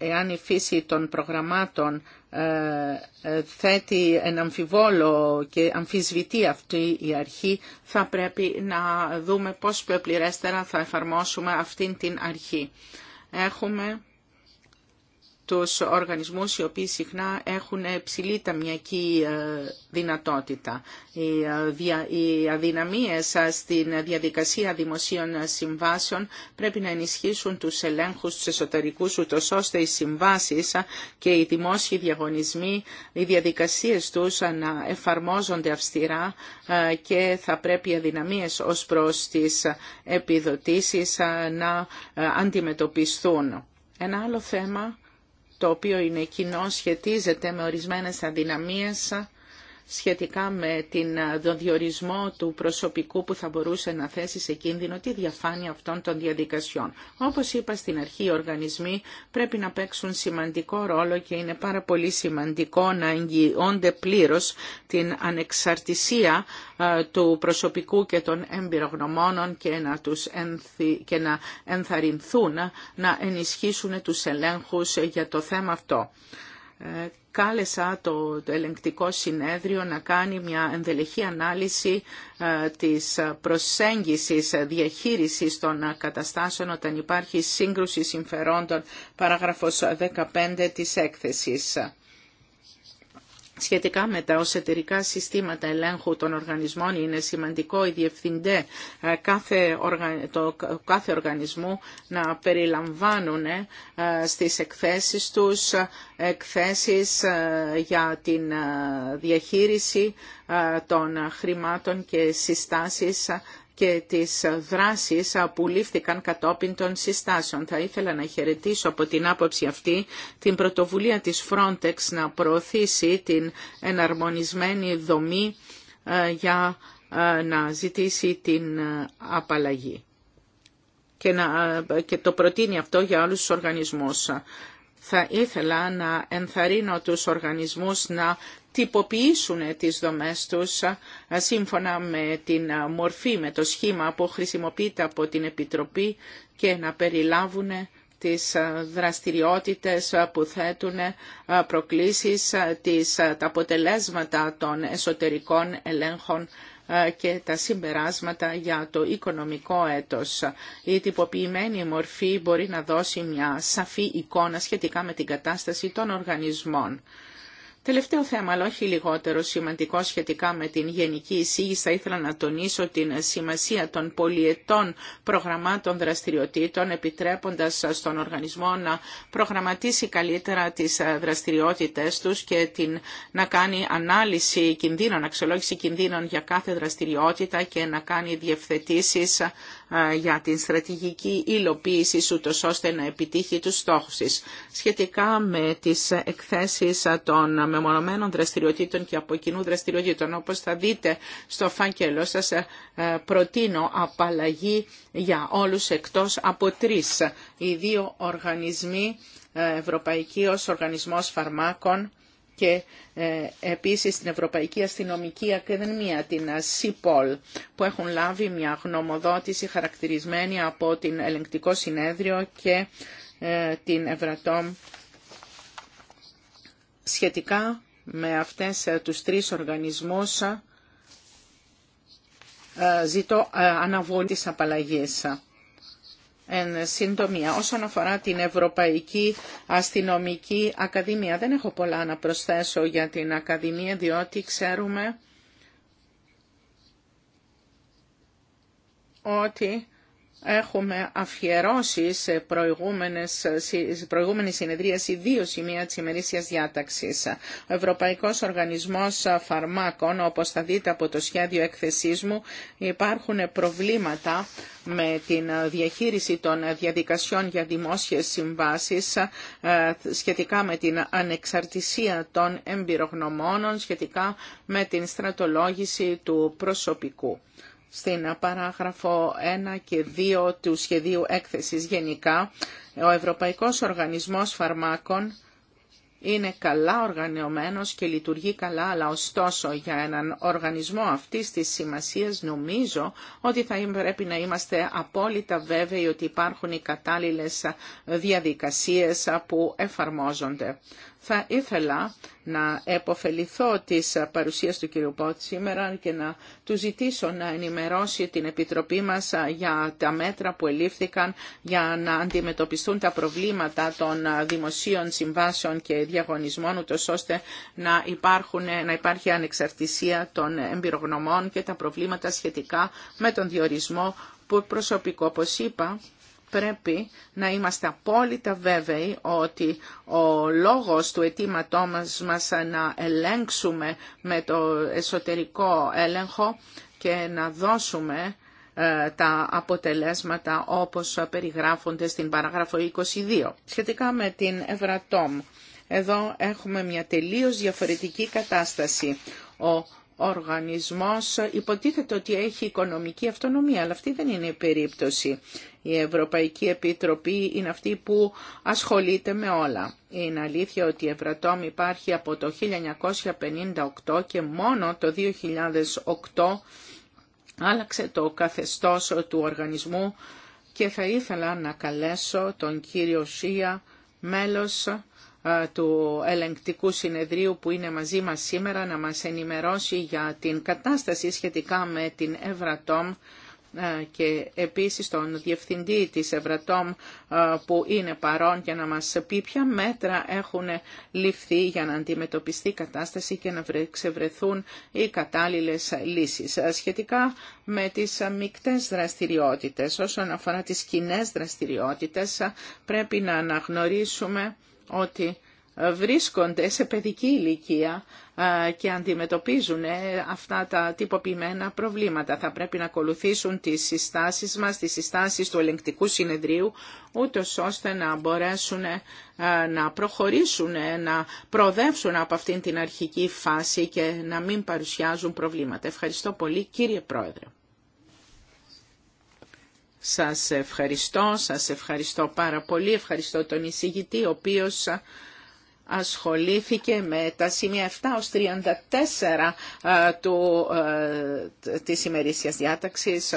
Εάν η φύση των προγραμμάτων ε, ε, θέτει ένα αμφιβόλο και αμφισβητεί αυτή η αρχή, θα πρέπει να δούμε πώς πληρέστερα θα εφαρμόσουμε αυτήν την αρχή. Έχουμε τους οργανισμούς οι οποίοι συχνά έχουν ψηλή ταμιακή ε, δυνατότητα. Ε, οι αδυναμίες στην διαδικασία δημοσίων συμβάσεων πρέπει να ενισχύσουν τους ελέγχους του εσωτερικού ούτως ώστε οι συμβάσεις και οι δημόσιοι διαγωνισμοί, οι διαδικασίες τους να εφαρμόζονται αυστηρά ε, και θα πρέπει οι αδυναμίες ως προς τις επιδοτήσεις να αντιμετωπιστούν. Ένα άλλο θέμα το οποίο είναι κοινό σχετίζεται με ορισμένες αδυναμίες σχετικά με ε, τον διορισμό του προσωπικού που θα μπορούσε να θέσει σε κίνδυνο τη διαφάνεια αυτών των διαδικασιών. Όπως είπα στην αρχή, οι οργανισμοί πρέπει να παίξουν σημαντικό ρόλο και είναι πάρα πολύ σημαντικό να εγγυώνται πλήρως την ανεξαρτησία ε, του προσωπικού και των εμπειρογνωμόνων και να, τους ενθυ... και να ενθαρρυνθούν να ενισχύσουν τους ελέγχους για το θέμα αυτό κάλεσα το, το ελεγκτικό συνέδριο να κάνει μια ενδελεχή ανάλυση ε, της προσέγγισης ε, διαχείρισης των καταστάσεων όταν υπάρχει σύγκρουση συμφερόντων, παράγραφος 15 της έκθεσης. Σχετικά με τα ως συστήματα ελέγχου των οργανισμών είναι σημαντικό οι διευθυντέ ε, κάθε, κάθε οργανισμού να περιλαμβάνουν ε, στις εκθέσεις τους ε, εκθέσεις για την διαχείριση των χρημάτων και συστάσεις και τις δράσεις που λήφθηκαν κατόπιν των συστάσεων. Θα ήθελα να χαιρετήσω από την άποψη αυτή την πρωτοβουλία της Frontex να προωθήσει την εναρμονισμένη δομή ε, για ε, να ζητήσει την ε, απαλλαγή και, να, και το προτείνει αυτό για όλους τους οργανισμούς. Θα ήθελα να ενθαρρύνω τους οργανισμούς να τυποποιήσουν τις δομές τους σύμφωνα με την μορφή, με το σχήμα που χρησιμοποιείται από την Επιτροπή και να περιλάβουν τις δραστηριότητες που θέτουν προκλήσεις, τις, τα αποτελέσματα των εσωτερικών ελέγχων και τα συμπεράσματα για το οικονομικό έτος. Η τυποποιημένη μορφή μπορεί να δώσει μια σαφή εικόνα σχετικά με την κατάσταση των οργανισμών. Τελευταίο θέμα, αλλά όχι λιγότερο σημαντικό σχετικά με την γενική εισήγηση, θα ήθελα να τονίσω την σημασία των πολιετών προγραμμάτων δραστηριοτήτων, επιτρέποντας στον οργανισμό να προγραμματίσει καλύτερα τις δραστηριότητες τους και την, να κάνει ανάλυση κινδύνων, αξιολόγηση κινδύνων για κάθε δραστηριότητα και να κάνει διευθετήσεις για την στρατηγική υλοποίηση ούτω ώστε να επιτύχει τους στόχους της. Σχετικά με τις εκθέσεις των μεμονωμένων δραστηριοτήτων και από κοινού δραστηριοτήτων. Όπως θα δείτε στο φάκελο σας ε, προτείνω απαλλαγή για όλους εκτός από τρεις. Οι δύο οργανισμοί, ε, Ευρωπαϊκή ως Οργανισμός Φαρμάκων, και ε, επίσης την Ευρωπαϊκή Αστυνομική Ακαδημία, την ΣΥΠΟΛ, που έχουν λάβει μια γνωμοδότηση χαρακτηρισμένη από την Ελεγκτικό Συνέδριο και την Ευρατόμ σχετικά με αυτές ε, τους τρεις οργανισμούς ε, ζητώ ε, αναβολή της απαλλαγής. Εν συντομία, όσον αφορά την Ευρωπαϊκή Αστυνομική Ακαδημία, δεν έχω πολλά να προσθέσω για την Ακαδημία, διότι ξέρουμε ότι Έχουμε αφιερώσει σε, προηγούμενες, σε προηγούμενη συνεδρίαση δύο σημεία της ημερήσιας διάταξης. Ο Ευρωπαϊκός Οργανισμός Φαρμάκων, όπως θα δείτε από το σχέδιο έκθεσής μου, υπάρχουν προβλήματα με την διαχείριση των διαδικασιών για δημόσιες συμβάσεις ε, σχετικά με την ανεξαρτησία των εμπειρογνωμόνων, σχετικά με την στρατολόγηση του προσωπικού στην παράγραφο 1 και 2 του σχεδίου έκθεσης γενικά, ο Ευρωπαϊκός Οργανισμός Φαρμάκων είναι καλά οργανωμένος και λειτουργεί καλά, αλλά ωστόσο για έναν οργανισμό αυτής της σημασίας νομίζω ότι θα πρέπει να είμαστε απόλυτα βέβαιοι ότι υπάρχουν οι κατάλληλες διαδικασίες που εφαρμόζονται. Θα ήθελα να επωφεληθώ της παρουσίας του κύριου Πότ σήμερα και να του ζητήσω να ενημερώσει την Επιτροπή μας για τα μέτρα που ελήφθηκαν για να αντιμετωπιστούν τα προβλήματα των δημοσίων συμβάσεων και διαγωνισμών, ούτως ώστε να, υπάρχουν, να υπάρχει ανεξαρτησία των εμπειρογνωμών και τα προβλήματα σχετικά με τον διορισμό που προσωπικό, όπως είπα, πρέπει να είμαστε απόλυτα βέβαιοι ότι ο λόγος του αιτήματό μας, μας να ελέγξουμε με το εσωτερικό έλεγχο και να δώσουμε ε, τα αποτελέσματα όπως περιγράφονται στην παράγραφο 22. Σχετικά με την Ευρατόμ, εδώ έχουμε μια τελείως διαφορετική κατάσταση. Ο οργανισμός υποτίθεται ότι έχει οικονομική αυτονομία, αλλά αυτή δεν είναι η περίπτωση. Η Ευρωπαϊκή Επιτροπή είναι αυτή που ασχολείται με όλα. Είναι αλήθεια ότι η Ευρατόμ υπάρχει από το 1958 και μόνο το 2008 άλλαξε το καθεστώς του οργανισμού και θα ήθελα να καλέσω τον κύριο Σία, μέλος ε, του ελεγκτικού συνεδρίου που είναι μαζί μας σήμερα να μας ενημερώσει για την κατάσταση σχετικά με την Ευρατόμ ε, και επίσης τον Διευθυντή της Ευρατόμ ε, που είναι παρόν για να μας πει ποια μέτρα έχουν ληφθεί για να αντιμετωπιστεί η κατάσταση και να ξεβρεθούν οι κατάλληλες λύσεις. Σχετικά με τις μικτές δραστηριότητες, όσον αφορά τις κοινέ δραστηριότητες, πρέπει να αναγνωρίσουμε ότι βρίσκονται σε παιδική ηλικία και αντιμετωπίζουν ε, αυτά τα τυποποιημένα προβλήματα. Θα πρέπει να ακολουθήσουν τις συστάσεις μας, τις συστάσεις του ελεγκτικού συνεδρίου, ούτω ώστε να μπορέσουν ε, να προχωρήσουν, ε, να προοδεύσουν από αυτήν την αρχική φάση και να μην παρουσιάζουν προβλήματα. Ευχαριστώ πολύ κύριε Πρόεδρε. Σας ευχαριστώ, σας ευχαριστώ πάρα πολύ. Ευχαριστώ τον εισηγητή, ο οποίος ασχολήθηκε με τα σημεία 7 ως 34 του, της ημερήσιας διάταξης.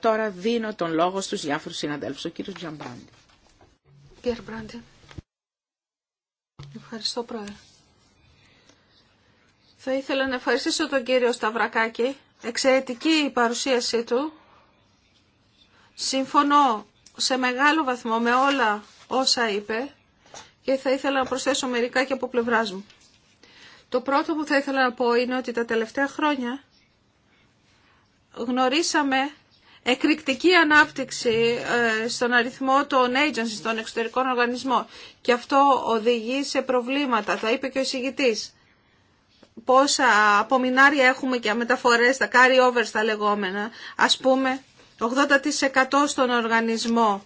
Τώρα δίνω τον λόγο στους διάφορους συναδέλφους. Ο κύριος Τζαμπράντη.
Κύριε Μπράντη. Ευχαριστώ, Πρόεδρε. Θα ήθελα να ευχαριστήσω τον κύριο Σταυρακάκη. Εξαιρετική η παρουσίασή του Συμφωνώ σε μεγάλο βαθμό με όλα όσα είπε και θα ήθελα να προσθέσω μερικά και από πλευρά μου. Το πρώτο που θα ήθελα να πω είναι ότι τα τελευταία χρόνια γνωρίσαμε εκρηκτική ανάπτυξη ε, στον αριθμό των agencies, των εξωτερικών οργανισμών και αυτό οδηγεί σε προβλήματα, τα είπε και ο εισηγητής. Πόσα απομεινάρια έχουμε και μεταφορές, τα carry-overs τα λεγόμενα, ας πούμε, 80% στον οργανισμό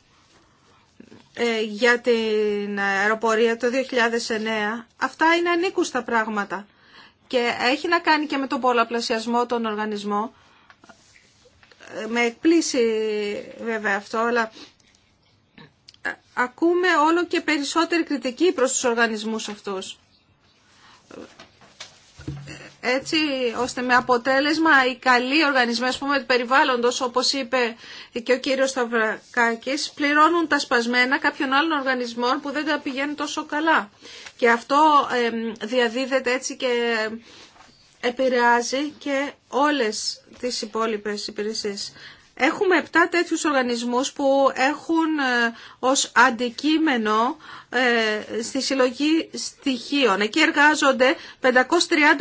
ε, για την αεροπορία το 2009. Αυτά είναι ανήκουστα πράγματα και έχει να κάνει και με τον πολλαπλασιασμό των οργανισμών. Ε, με εκπλήσει βέβαια αυτό, αλλά ε, ακούμε όλο και περισσότερη κριτική προς τους οργανισμούς αυτούς έτσι ώστε με αποτέλεσμα οι καλοί οργανισμοί ας πούμε, του περιβάλλοντος όπως είπε και ο κύριος Σταυρακάκης πληρώνουν τα σπασμένα κάποιων άλλων οργανισμών που δεν τα πηγαίνουν τόσο καλά και αυτό διαδίδεται έτσι και επηρεάζει και όλες τις υπόλοιπες υπηρεσίες. Έχουμε 7 τέτοιους οργανισμούς που έχουν ε, ως αντικείμενο ε, στη συλλογή στοιχείων. Εκεί εργάζονται 530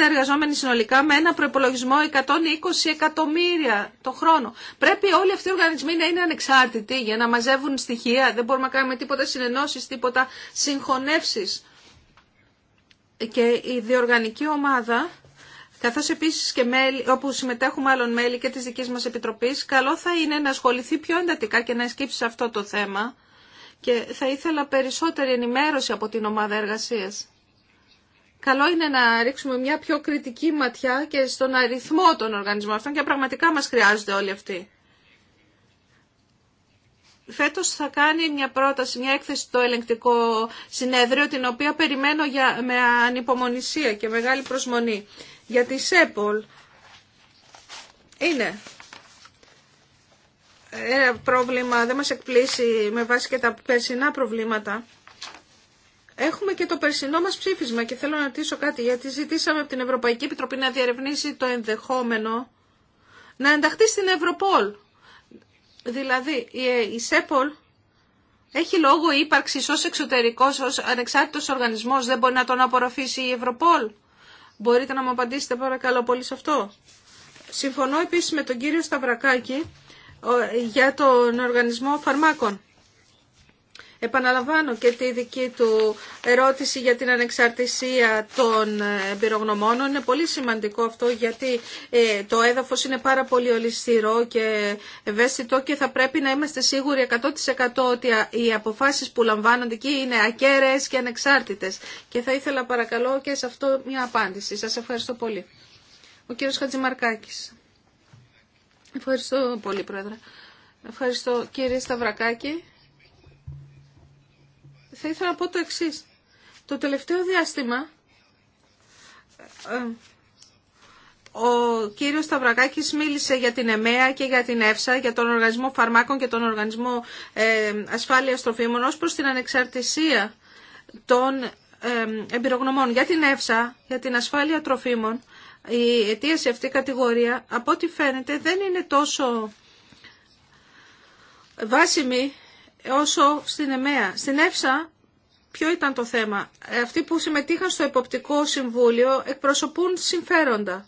εργαζόμενοι συνολικά με ένα προπολογισμό 120 εκατομμύρια το χρόνο. Πρέπει όλοι αυτοί οι οργανισμοί να είναι ανεξάρτητοι για να μαζεύουν στοιχεία. Δεν μπορούμε να κάνουμε τίποτα συνενώσεις, τίποτα συγχωνεύσεις. Και η διοργανική ομάδα καθώς επίσης και μέλη, όπου συμμετέχουν μάλλον μέλη και της δικής μας Επιτροπής, καλό θα είναι να ασχοληθεί πιο εντατικά και να εσκύψει αυτό το θέμα και θα ήθελα περισσότερη ενημέρωση από την ομάδα εργασίας. Καλό είναι να ρίξουμε μια πιο κριτική ματιά και στον αριθμό των οργανισμών αυτών και πραγματικά μας χρειάζονται όλοι αυτοί. Φέτος θα κάνει μια πρόταση, μια έκθεση στο ελεγκτικό συνέδριο, την οποία περιμένω για, με ανυπομονησία και μεγάλη προσμονή για τη ΣΕΠΟΛ είναι ένα ε, πρόβλημα, δεν μας εκπλήσει με βάση και τα περσινά προβλήματα. Έχουμε και το περσινό μας ψήφισμα και θέλω να ρωτήσω κάτι γιατί ζητήσαμε από την Ευρωπαϊκή Επιτροπή να διερευνήσει το ενδεχόμενο να ενταχθεί στην Ευρωπόλ. Δηλαδή η ΣΕΠΟΛ έχει λόγο ύπαρξης ως εξωτερικός, ως ανεξάρτητος οργανισμός, δεν μπορεί να τον απορροφήσει η Ευρωπόλ. Μπορείτε να μου απαντήσετε παρακαλώ πολύ σε αυτό. Συμφωνώ επίσης με τον κύριο Σταυρακάκη για τον οργανισμό φαρμάκων. Επαναλαμβάνω και τη δική του ερώτηση για την ανεξαρτησία των εμπειρογνωμόνων. Είναι πολύ σημαντικό αυτό γιατί ε, το έδαφος είναι πάρα πολύ ολιστήρο και ευαίσθητο και θα πρέπει να είμαστε σίγουροι 100% ότι οι αποφάσεις που λαμβάνονται εκεί είναι ακέραιες και ανεξάρτητες. Και θα ήθελα παρακαλώ και σε αυτό μια απάντηση. Σας ευχαριστώ πολύ. Ο κύριος Χατζημαρκάκης. Ευχαριστώ πολύ, Πρόεδρε. Ευχαριστώ, κύριε Σταυρακάκη θα ήθελα να πω το εξή. Το τελευταίο διάστημα ε, ο κύριος Σταυρακάκης μίλησε για την ΕΜΕΑ και για την ΕΦΣΑ, για τον Οργανισμό Φαρμάκων και τον Οργανισμό ε, Ασφάλειας Τροφίμων ως προς την ανεξαρτησία των ε, εμπειρογνωμών. Για την ΕΦΣΑ, για την ασφάλεια τροφίμων, η αιτία σε αυτή κατηγορία, από ό,τι φαίνεται, δεν είναι τόσο βάσιμη όσο στην ΕΜΕΑ. Στην ΕΦΣΑ ποιο ήταν το θέμα. Αυτοί που συμμετείχαν στο Εποπτικό Συμβούλιο εκπροσωπούν συμφέροντα.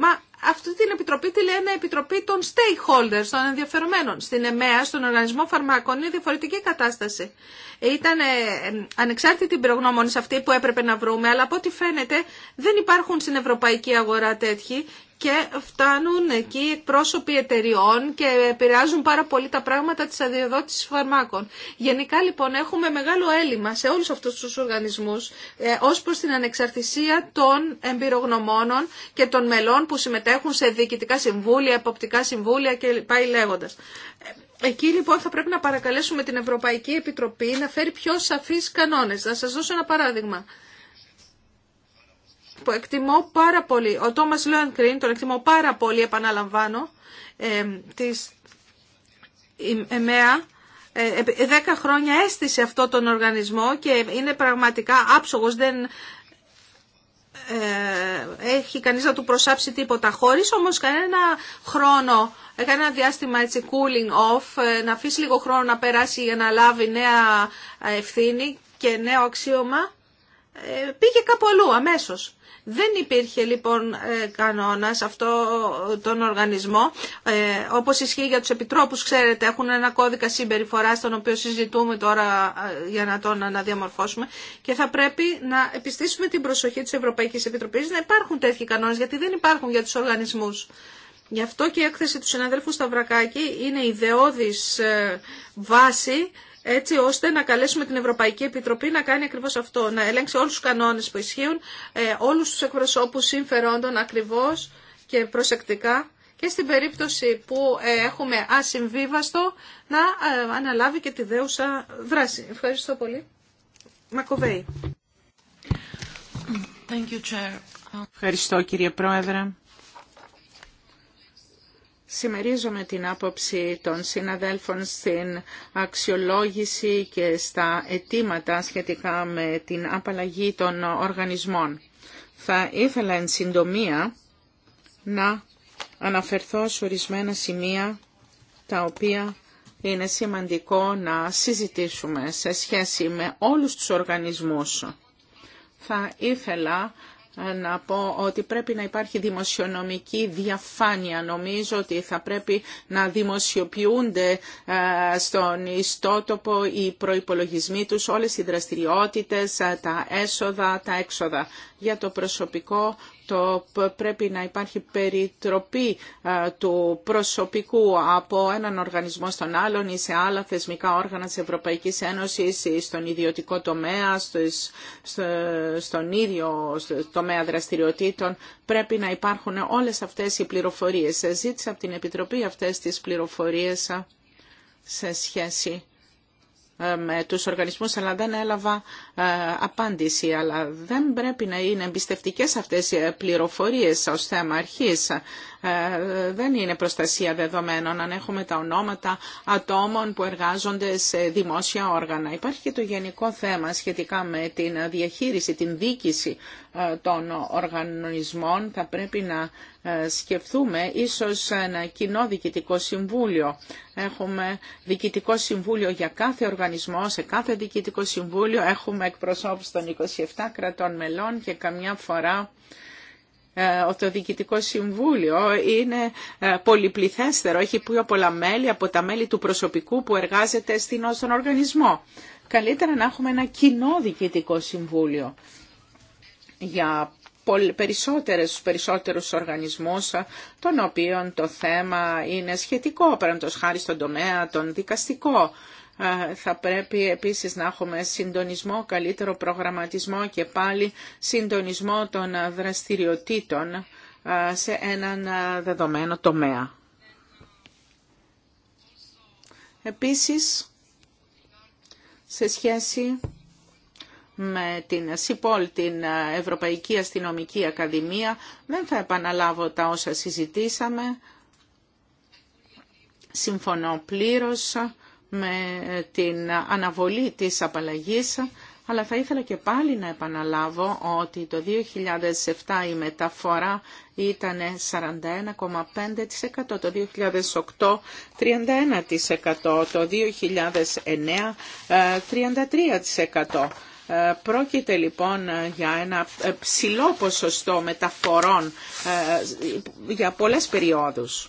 Μα αυτή την επιτροπή τη λένε επιτροπή των stakeholders, των ενδιαφερομένων. Στην ΕΜΕΑ, στον Οργανισμό Φαρμάκων, είναι διαφορετική κατάσταση. Ήταν ε, ε, ανεξάρτητη σε αυτή που έπρεπε να βρούμε, αλλά από ό,τι φαίνεται δεν υπάρχουν στην ευρωπαϊκή αγορά τέτοιοι και φτάνουν εκεί εκπρόσωποι εταιριών και επηρεάζουν πάρα πολύ τα πράγματα της αδειοδότησης φαρμάκων. Γενικά λοιπόν έχουμε μεγάλο έλλειμμα σε όλους αυτούς τους οργανισμούς ε, ως προς την ανεξαρτησία των εμπειρογνωμόνων και των μελών που συμμετέχουν σε διοικητικά συμβούλια, εποπτικά συμβούλια και πάει λέγοντας. Εκεί λοιπόν θα πρέπει να παρακαλέσουμε την Ευρωπαϊκή Επιτροπή να φέρει πιο σαφείς κανόνες. Να σας δώσω ένα παράδειγμα που εκτιμώ πάρα πολύ. Ο Τόμας τον εκτιμώ πάρα πολύ, επαναλαμβάνω, ε, της ΕΜΕΑ, ε, δέκα χρόνια έστησε αυτό τον οργανισμό και είναι πραγματικά άψογος, δεν ε, έχει κανείς να του προσάψει τίποτα χωρίς όμως κανένα χρόνο ε, κανένα διάστημα έτσι cooling off να αφήσει λίγο χρόνο να περάσει για να λάβει νέα ευθύνη και νέο αξίωμα πήγε κάπου αλλού αμέσως δεν υπήρχε λοιπόν ε, κανόνας αυτό τον οργανισμό. Ε, όπως ισχύει για τους επιτρόπους, ξέρετε, έχουν ένα κώδικα συμπεριφοράς τον οποίο συζητούμε τώρα ε, για να τον αναδιαμορφώσουμε και θα πρέπει να επιστήσουμε την προσοχή της Ευρωπαϊκής Επιτροπής να υπάρχουν τέτοιοι κανόνες γιατί δεν υπάρχουν για τους οργανισμούς. Γι' αυτό και η έκθεση του συναδέλφου Σταυρακάκη είναι ιδεώδης βάση έτσι ώστε να καλέσουμε την Ευρωπαϊκή Επιτροπή να κάνει ακριβώς αυτό, να ελέγξει όλους τους κανόνες που ισχύουν, ε, όλους τους εκπροσώπους συμφερόντων ακριβώς και προσεκτικά και στην περίπτωση που ε, έχουμε ασυμβίβαστο να ε, αναλάβει και τη δέουσα δράση. Ευχαριστώ πολύ.
Μακοβέη. Thank you, Chair. Ευχαριστώ κύριε Πρόεδρε. Συμμερίζομαι την άποψη των συναδέλφων στην αξιολόγηση και στα αιτήματα σχετικά με την απαλλαγή των οργανισμών. Θα ήθελα εν συντομία να αναφερθώ σε ορισμένα σημεία τα οποία είναι σημαντικό να συζητήσουμε σε σχέση με όλους τους οργανισμούς. Θα ήθελα να πω ότι πρέπει να υπάρχει δημοσιονομική διαφάνεια. Νομίζω ότι θα πρέπει να δημοσιοποιούνται ε, στον ιστότοπο οι προϋπολογισμοί τους, όλες οι δραστηριότητες, ε, τα έσοδα, τα έξοδα. Για το προσωπικό το πρέπει να υπάρχει περιτροπή του προσωπικού από έναν οργανισμό στον άλλον ή σε άλλα θεσμικά όργανα της Ευρωπαϊκής Ένωσης ή στον ιδιωτικό τομέα, στον ίδιο τομέα δραστηριοτήτων. Πρέπει να υπάρχουν όλες αυτές οι πληροφορίες. Ζήτησα από την Επιτροπή αυτές τις πληροφορίες σε σχέση με τους οργανισμούς, αλλά δεν έλαβα ε, απάντηση. Αλλά δεν πρέπει να είναι εμπιστευτικέ αυτές οι ε, πληροφορίες ως θέμα αρχής. Ε, δεν είναι προστασία δεδομένων αν έχουμε τα ονόματα ατόμων που εργάζονται σε δημόσια όργανα. Υπάρχει και το γενικό θέμα σχετικά με την διαχείριση, την δίκηση των οργανισμών. Θα πρέπει να ε, σκεφτούμε ίσως ένα κοινό διοικητικό συμβούλιο. Έχουμε διοικητικό συμβούλιο για κάθε οργανισμό, σε κάθε διοικητικό συμβούλιο έχουμε εκπροσώπους των 27 κρατών μελών και καμιά φορά ε, το Διοικητικό Συμβούλιο είναι ε, πολυπληθέστερο, έχει πιο πολλά μέλη από τα μέλη του προσωπικού που εργάζεται στον οργανισμό. Καλύτερα να έχουμε ένα κοινό Διοικητικό Συμβούλιο για περισσότερες, περισσότερους οργανισμούς των οποίων το θέμα είναι σχετικό, παραμπτός χάρη στον τομέα, τον δικαστικό. Θα πρέπει επίσης να έχουμε συντονισμό, καλύτερο προγραμματισμό και πάλι συντονισμό των δραστηριοτήτων σε έναν δεδομένο τομέα. Επίσης, σε σχέση με την ΣΥΠΟΛ, την Ευρωπαϊκή Αστυνομική Ακαδημία. Δεν θα επαναλάβω τα όσα συζητήσαμε. Συμφωνώ πλήρως με την αναβολή της απαλλαγής, αλλά θα ήθελα και πάλι να επαναλάβω ότι το 2007 η μεταφορά ήταν 41,5%, το 2008 31%, το 2009 33%. Ε, πρόκειται λοιπόν ε, για ένα ε, ψηλό ποσοστό μεταφορών για πολλές περιόδους.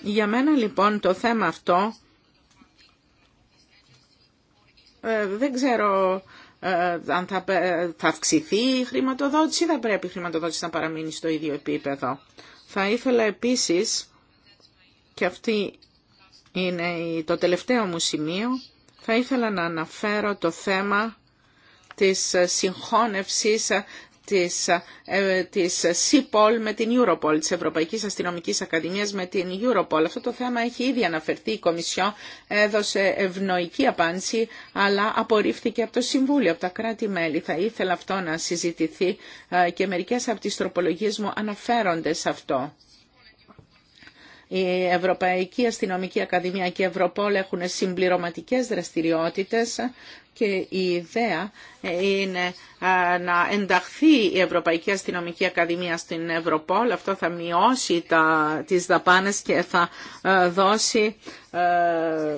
Για μένα λοιπόν το θέμα αυτό δεν ξέρω αν θα, θα αυξηθεί η χρηματοδότηση ή θα πρέπει η χρηματοδότηση να παραμείνει στο ίδιο επίπεδο. Θα ήθελα επίσης, και αυτή είναι το τελευταίο μου σημείο, θα ήθελα να αναφέρω το θέμα της συγχώνευσης της, ε, της CIPOL με την Europol, της Ευρωπαϊκής Αστυνομικής Ακαδημίας με την Europol. Αυτό το θέμα έχει ήδη αναφερθεί. Η Κομισιό έδωσε ευνοϊκή απάντηση, αλλά απορρίφθηκε από το Συμβούλιο, από τα κράτη-μέλη. Θα ήθελα αυτό να συζητηθεί ε, και μερικές από τις τροπολογίες μου αναφέρονται σε αυτό. Η Ευρωπαϊκή Αστυνομική Ακαδημία και η Ευρωπόλ έχουν συμπληρωματικές δραστηριότητες και η ιδέα ε, είναι να ενταχθεί η Ευρωπαϊκή Αστυνομική Ακαδημία στην Ευρωπόλ. Αυτό θα μειώσει τα, τις δαπάνες και θα ε, δώσει ε,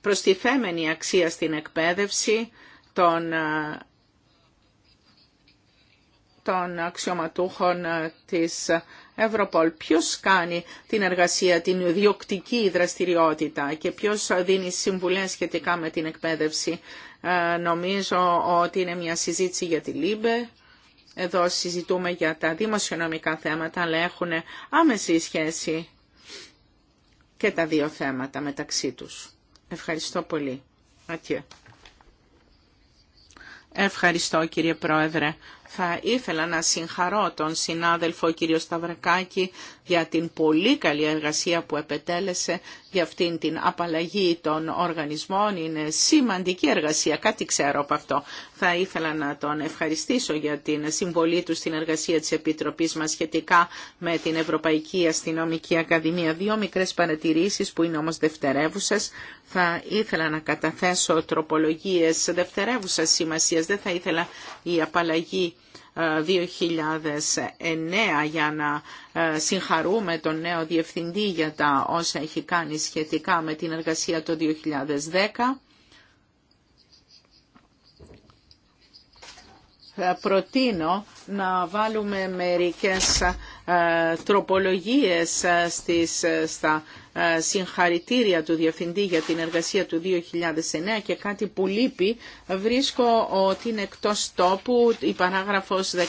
προστιθέμενη αξία στην εκπαίδευση των των αξιωματούχων της Ευρωπόλ. Ποιος κάνει την εργασία, την διοκτική δραστηριότητα και ποιο δίνει συμβουλέ σχετικά με την εκπαίδευση. Ε, νομίζω ότι είναι μια συζήτηση για τη ΛΥΜΠΕ. Εδώ συζητούμε για τα δημοσιονομικά θέματα, αλλά έχουν άμεση σχέση και τα δύο θέματα μεταξύ τους. Ευχαριστώ πολύ. Ευχαριστώ κύριε Πρόεδρε. Θα ήθελα να συγχαρώ τον συνάδελφο κύριο Σταυρακάκη για την πολύ καλή εργασία που επετέλεσε για αυτήν την απαλλαγή των οργανισμών. Είναι σημαντική εργασία, κάτι ξέρω από αυτό. Θα ήθελα να τον ευχαριστήσω για την συμβολή του στην εργασία της Επιτροπής μας σχετικά με την Ευρωπαϊκή Αστυνομική Ακαδημία. Δύο μικρές παρατηρήσεις που είναι όμως δευτερεύουσες. Θα ήθελα να καταθέσω τροπολογίες δευτερεύουσας σημασίας. Δεν θα ήθελα η απαλλαγή 2009 για να ε, συγχαρούμε τον νέο διευθυντή για τα όσα έχει κάνει σχετικά με την εργασία το 2010. Ε, προτείνω να βάλουμε μερικές ε, τροπολογίες στις, στα ε, συγχαρητήρια του Διευθυντή για την εργασία του 2009 και κάτι που λείπει βρίσκω ότι είναι εκτός τόπου η παράγραφος 19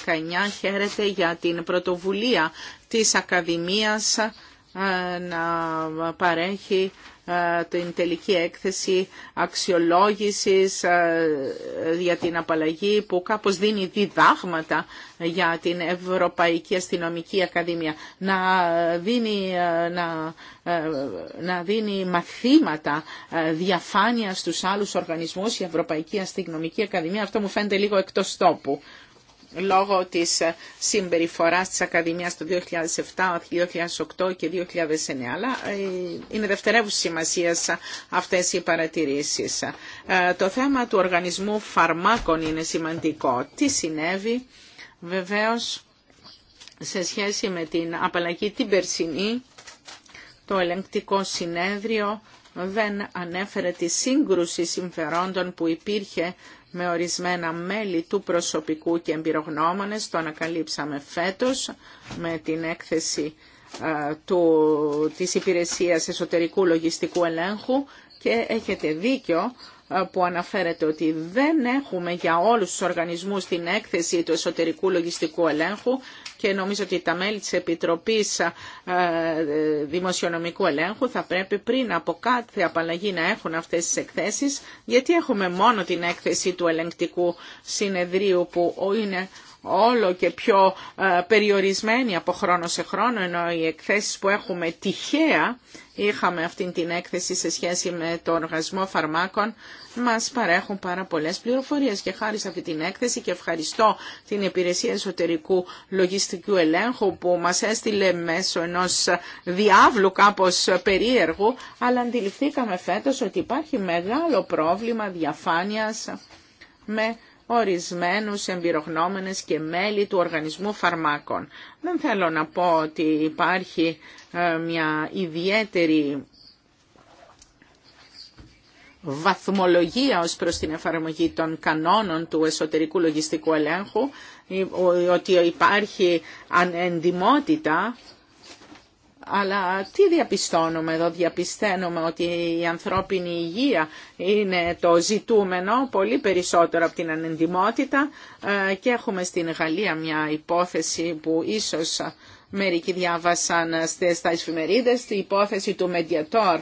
χαίρεται για την πρωτοβουλία της Ακαδημίας ε, να παρέχει ε, την τελική έκθεση αξιολόγησης ε, για την απαλλαγή που κάπως δίνει διδάγματα για την Ευρωπαϊκή Αστυνομική Ακαδημία. Να δίνει, να, να δίνει μαθήματα διαφάνεια στους άλλους οργανισμούς η Ευρωπαϊκή Αστυνομική Ακαδημία. Αυτό μου φαίνεται λίγο εκτός τόπου λόγω της ε, συμπεριφοράς της Ακαδημίας το 2007, 2008 και 2009. Αλλά ε, είναι δευτερεύουσα σημασία αυτές οι παρατηρήσεις. Ε, το θέμα του οργανισμού φαρμάκων είναι σημαντικό. Τι συνέβη βεβαίως σε σχέση με την απαλλαγή την περσινή, το ελεγκτικό συνέδριο δεν ανέφερε τη σύγκρουση συμφερόντων που υπήρχε με ορισμένα μέλη του προσωπικού και εμπειρογνώμονες. Το ανακαλύψαμε φέτος με την έκθεση ε, του, της Υπηρεσίας Εσωτερικού Λογιστικού Ελέγχου και έχετε δίκιο ε, που αναφέρεται ότι δεν έχουμε για όλους τους οργανισμούς την έκθεση του εσωτερικού λογιστικού ελέγχου και νομίζω ότι τα μέλη της Επιτροπής ε, Δημοσιονομικού Ελέγχου θα πρέπει πριν από κάθε απαλλαγή να έχουν αυτές τις εκθέσεις, γιατί έχουμε μόνο την έκθεση του ελεγκτικού συνεδρίου που είναι όλο και πιο ε, περιορισμένη από χρόνο σε χρόνο, ενώ οι εκθέσεις που έχουμε τυχαία, είχαμε αυτή την έκθεση σε σχέση με τον οργανισμό φαρμάκων, μας παρέχουν πάρα πολλές πληροφορίες και χάρη σε αυτή την έκθεση και ευχαριστώ την Υπηρεσία Εσωτερικού Λογιστικού Ελέγχου που μας έστειλε μέσω ενός διάβλου κάπως περίεργου, αλλά αντιληφθήκαμε φέτος ότι υπάρχει μεγάλο πρόβλημα διαφάνειας με ορισμένους εμπειρογνώμενες και μέλη του Οργανισμού Φαρμάκων. Δεν θέλω να πω ότι υπάρχει ε, μια ιδιαίτερη βαθμολογία ως προς την εφαρμογή των κανόνων του εσωτερικού λογιστικού ελέγχου, ε, ότι υπάρχει ανεντιμότητα αλλά τι διαπιστώνουμε εδώ, διαπιστώνουμε ότι η ανθρώπινη υγεία είναι το ζητούμενο πολύ περισσότερο από την ανεντιμότητα ε, και έχουμε στην Γαλλία μια υπόθεση που ίσως μερικοί διάβασαν στα εφημερίδες, την υπόθεση του Mediator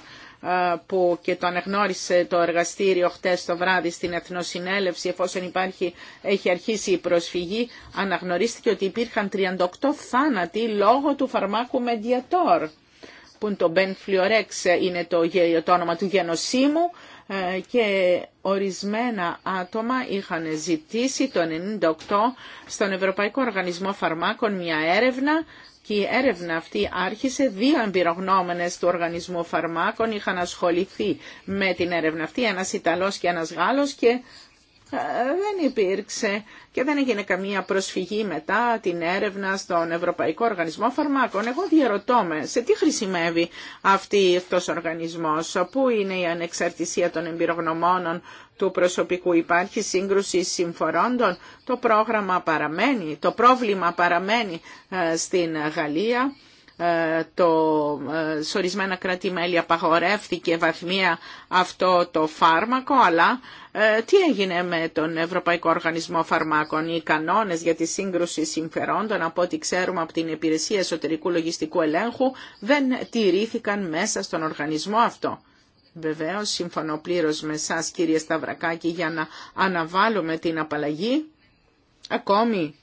που και το αναγνώρισε το εργαστήριο χτες το βράδυ στην Εθνοσυνέλευση εφόσον υπάρχει, έχει αρχίσει η προσφυγή αναγνωρίστηκε ότι υπήρχαν 38 θάνατοι λόγω του φαρμάκου Μεντιατόρ που το Ben είναι το, το όνομα του γενοσύμου ε, και ορισμένα άτομα είχαν ζητήσει το 98 στον Ευρωπαϊκό Οργανισμό Φαρμάκων μια έρευνα η έρευνα αυτή άρχισε, δύο εμπειρογνώμενες του Οργανισμού Φαρμάκων είχαν ασχοληθεί με την έρευνα αυτή, ένας Ιταλός και ένας Γάλλος και ε, δεν υπήρξε και δεν έγινε καμία προσφυγή μετά την έρευνα στον Ευρωπαϊκό Οργανισμό Φαρμάκων. Εγώ διαρωτώ με σε τι χρησιμεύει αυτή, ο οργανισμός, πού είναι η ανεξαρτησία των εμπειρογνωμόνων του προσωπικού, υπάρχει σύγκρουση συμφορώντων, το πρόγραμμα παραμένει, το πρόβλημα παραμένει ε, στην Γαλλία ε, το, σε ορισμένα κράτη-μέλη βαθμία αυτό το φάρμακο, αλλά ε, τι έγινε με τον Ευρωπαϊκό Οργανισμό Φαρμάκων. Οι κανόνες για τη σύγκρουση συμφερόντων, από ό,τι ξέρουμε από την Υπηρεσία Εσωτερικού Λογιστικού Ελέγχου, δεν τηρήθηκαν μέσα στον οργανισμό αυτό. Βεβαίω, συμφωνώ πλήρω με εσά, κύριε Σταυρακάκη, για να αναβάλουμε την απαλλαγή. Ακόμη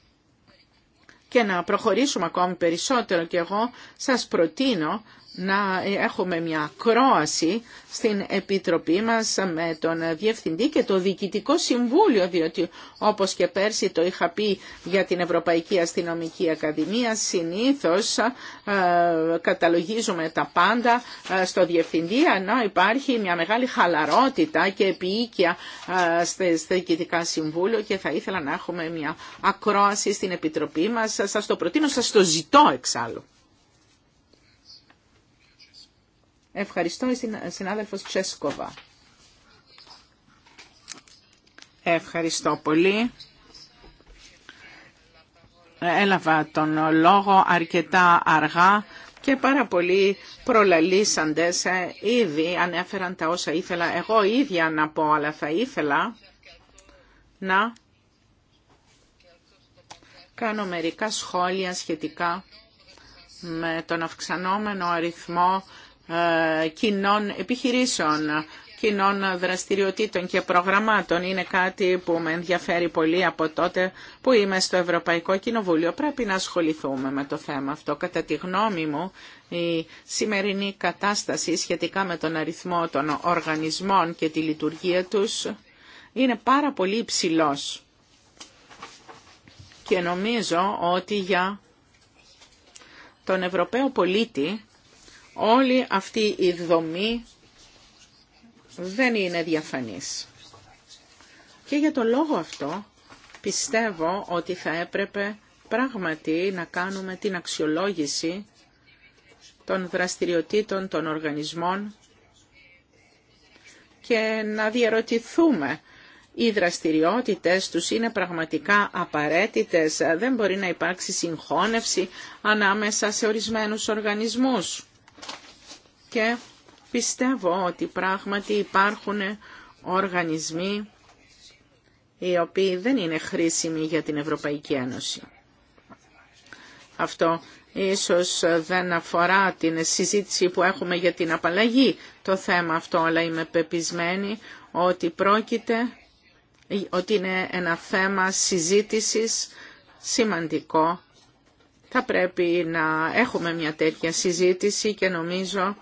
και να προχωρήσουμε ακόμη περισσότερο και εγώ σας προτείνω να έχουμε μια ακρόαση στην Επιτροπή μας με τον Διευθυντή και το Διοικητικό Συμβούλιο, διότι όπως και πέρσι το είχα πει για την Ευρωπαϊκή Αστυνομική Ακαδημία, συνήθως ε, καταλογίζουμε τα πάντα ε, στο Διευθυντή, ενώ υπάρχει μια μεγάλη χαλαρότητα και επίοικια ε, στο Διοικητικό Συμβούλιο και θα ήθελα να έχουμε μια ακρόαση στην Επιτροπή μας. Σας το προτείνω, σας το ζητώ εξάλλου. Ευχαριστώ, συνάδελφος Τσέσκοβα. Ευχαριστώ πολύ. Έλαβα τον λόγο αρκετά αργά και πάρα πολλοί προλαλήσαντες ε, ήδη ανέφεραν τα όσα ήθελα εγώ ίδια να πω, αλλά θα ήθελα να κάνω μερικά σχόλια σχετικά με τον αυξανόμενο αριθμό ε, κοινών επιχειρήσεων, κοινών δραστηριοτήτων και προγραμμάτων. Είναι κάτι που με ενδιαφέρει πολύ από τότε που είμαι στο Ευρωπαϊκό Κοινοβούλιο. Πρέπει να ασχοληθούμε με το θέμα αυτό. Κατά τη γνώμη μου, η σημερινή κατάσταση σχετικά με τον αριθμό των οργανισμών και τη λειτουργία τους είναι πάρα πολύ υψηλός. Και νομίζω ότι για τον Ευρωπαίο πολίτη Όλη αυτή η δομή δεν είναι διαφανής. Και για τον λόγο αυτό πιστεύω ότι θα έπρεπε πράγματι να κάνουμε την αξιολόγηση των δραστηριοτήτων των οργανισμών και να διαρωτηθούμε οι δραστηριότητες τους είναι πραγματικά απαραίτητες. Δεν μπορεί να υπάρξει συγχώνευση ανάμεσα σε ορισμένους οργανισμούς και πιστεύω ότι πράγματι υπάρχουν οργανισμοί οι οποίοι δεν είναι χρήσιμοι για την Ευρωπαϊκή Ένωση. Αυτό ίσως δεν αφορά την συζήτηση που έχουμε για την απαλλαγή το θέμα αυτό, αλλά είμαι πεπισμένη ότι πρόκειται, ότι είναι ένα θέμα συζήτησης σημαντικό. Θα πρέπει να έχουμε μια τέτοια συζήτηση και νομίζω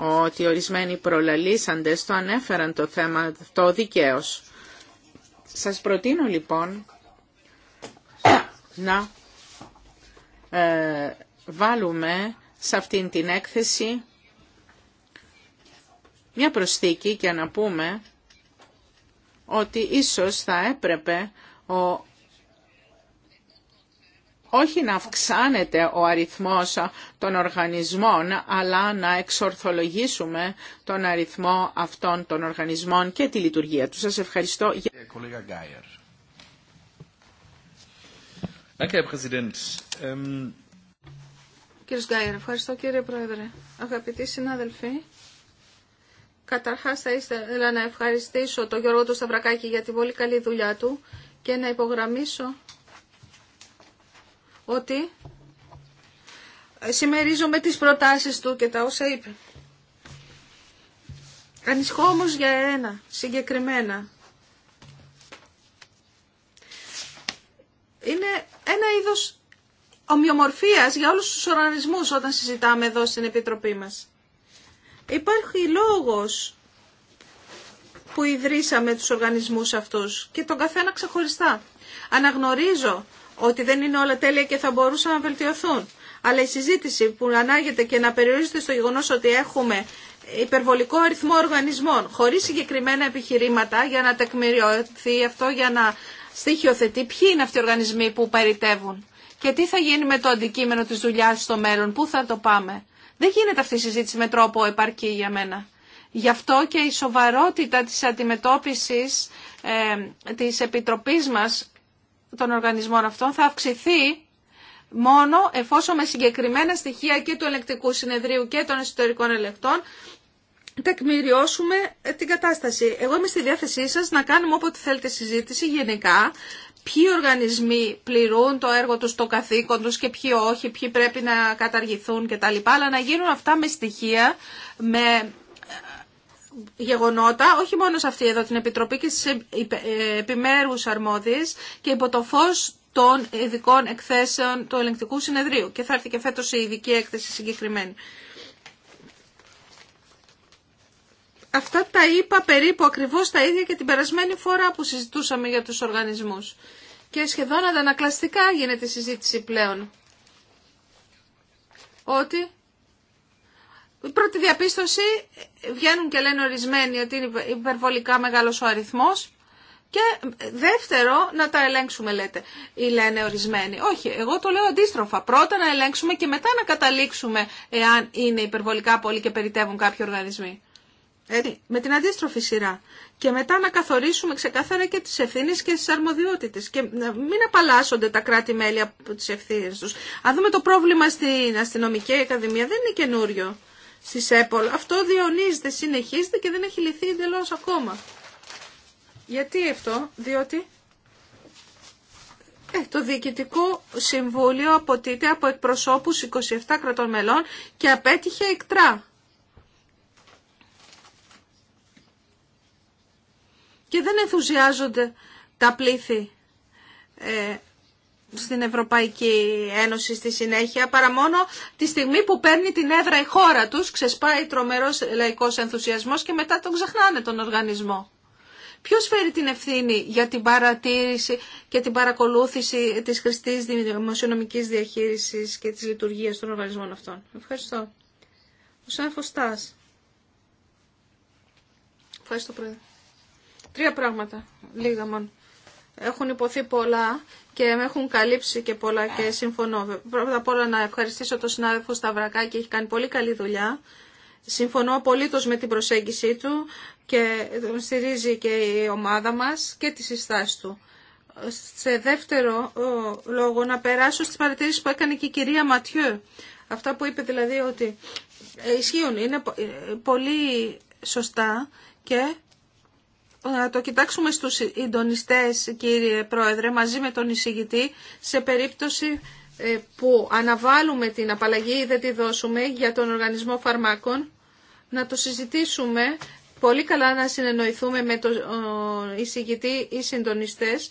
ότι ορισμένοι προλαλήσαντες το ανέφεραν το θέμα το δικαίως. Σας προτείνω λοιπόν να ε, βάλουμε σε αυτήν την έκθεση μια προσθήκη και να πούμε ότι ίσως θα έπρεπε ο όχι να αυξάνεται ο αριθμός των οργανισμών, αλλά να εξορθολογήσουμε τον αριθμό αυτών των οργανισμών και τη λειτουργία του. Σας ευχαριστώ. Ε, ähm,
κύριε Γκάιερ, ευχαριστώ κύριε Πρόεδρε. Αγαπητοί συνάδελφοι, καταρχάς θα ήθελα να ευχαριστήσω τον Γιώργο του Σταυρακάκη για την πολύ καλή δουλειά του και να υπογραμμίσω ότι συμμερίζομαι τις προτάσεις του και τα όσα είπε. Ανισχώ όμω για ένα συγκεκριμένα. Είναι ένα είδος ομοιομορφίας για όλους τους οργανισμούς όταν συζητάμε εδώ στην Επιτροπή μας. Υπάρχει λόγος που ιδρύσαμε τους οργανισμούς αυτούς και τον καθένα ξεχωριστά. Αναγνωρίζω ότι δεν είναι όλα τέλεια και θα μπορούσαν να βελτιωθούν. Αλλά η συζήτηση που ανάγεται και να περιορίζεται στο γεγονό ότι έχουμε υπερβολικό αριθμό οργανισμών χωρί συγκεκριμένα επιχειρήματα για να τεκμηριωθεί αυτό, για να στοιχειοθετεί ποιοι είναι αυτοί οι οργανισμοί που περιτεύουν και τι θα γίνει με το αντικείμενο τη δουλειά στο μέλλον, πού θα το πάμε. Δεν γίνεται αυτή η συζήτηση με τρόπο επαρκή για μένα. Γι' αυτό και η σοβαρότητα της αντιμετώπισης ε, της Επιτροπής μας των οργανισμών αυτών θα αυξηθεί μόνο εφόσον με συγκεκριμένα στοιχεία και του ελεκτικού συνεδρίου και των εσωτερικών ελεκτών τεκμηριώσουμε ε, την κατάσταση. Εγώ είμαι στη διάθεσή σας να κάνουμε όποτε θέλετε συζήτηση γενικά ποιοι οργανισμοί πληρούν το έργο τους, το καθήκον τους και ποιοι όχι, ποιοι πρέπει να καταργηθούν κτλ. Αλλά να γίνουν αυτά με στοιχεία, με γεγονότα, όχι μόνο σε αυτή εδώ την Επιτροπή και στις ε, επιμέρους αρμόδιες και υπό το φως των ειδικών εκθέσεων του ελεγκτικού συνεδρίου. Και θα έρθει και φέτος η ειδική έκθεση συγκεκριμένη. Αυτά τα είπα περίπου ακριβώς τα ίδια και την περασμένη φορά που συζητούσαμε για τους οργανισμούς. Και σχεδόν αντανακλαστικά γίνεται η συζήτηση πλέον. Ότι η πρώτη διαπίστωση βγαίνουν και λένε ορισμένοι ότι είναι υπερβολικά μεγάλος ο αριθμός και δεύτερο να τα ελέγξουμε λέτε ή λένε ορισμένοι. Όχι, εγώ το λέω αντίστροφα. Πρώτα να ελέγξουμε και μετά να καταλήξουμε εάν είναι υπερβολικά πολλοί και περιτεύουν κάποιοι οργανισμοί. Έτσι, με την αντίστροφη σειρά. Και μετά να καθορίσουμε ξεκάθαρα και τι ευθύνε και τι αρμοδιότητε. Και να μην απαλλάσσονται τα κράτη-μέλη από τι ευθύνε του. Αν δούμε το πρόβλημα στην αστυνομική ακαδημία δεν είναι καινούριο στη ΣΕΠΟΛ. Αυτό διονύζεται, συνεχίζεται και δεν έχει λυθεί εντελώ ακόμα. Γιατί αυτό, διότι ε, το Διοικητικό Συμβούλιο αποτείται από εκπροσώπους 27 κρατών μελών και απέτυχε εκτρά. Και δεν ενθουσιάζονται τα πλήθη ε, στην Ευρωπαϊκή Ένωση στη συνέχεια, παρά μόνο τη στιγμή που παίρνει την έδρα η χώρα τους, ξεσπάει τρομερός λαϊκός ενθουσιασμός και μετά τον ξεχνάνε τον οργανισμό. Ποιος φέρει την ευθύνη για την παρατήρηση και την παρακολούθηση της χρηστής δημοσιονομικής διαχείρισης και της λειτουργίας των οργανισμών αυτών. Ευχαριστώ. Ο Σάφος Στάς. Ευχαριστώ, Πρόεδρε. Τρία πράγματα, λίγα μόνο. Έχουν υποθεί πολλά και με έχουν καλύψει και πολλά και συμφωνώ. Πρώτα απ' όλα να ευχαριστήσω τον συνάδελφο Σταυρακάκη, έχει κάνει πολύ καλή δουλειά. Συμφωνώ απολύτως με την προσέγγιση του και τον στηρίζει και η ομάδα μας και τις συστάσεις του. Σε δεύτερο λόγο να περάσω στις παρατηρήσεις που έκανε και η κυρία Ματιού. Αυτά που είπε δηλαδή ότι ε, ισχύουν, είναι ε, πολύ σωστά και να το κοιτάξουμε στους συντονιστές, κύριε Πρόεδρε, μαζί με τον εισηγητή, σε περίπτωση ε, που αναβάλουμε την απαλλαγή ή δεν τη δώσουμε για τον οργανισμό φαρμάκων, να το συζητήσουμε πολύ καλά να συνεννοηθούμε με τον ε, εισηγητή ή συντονιστές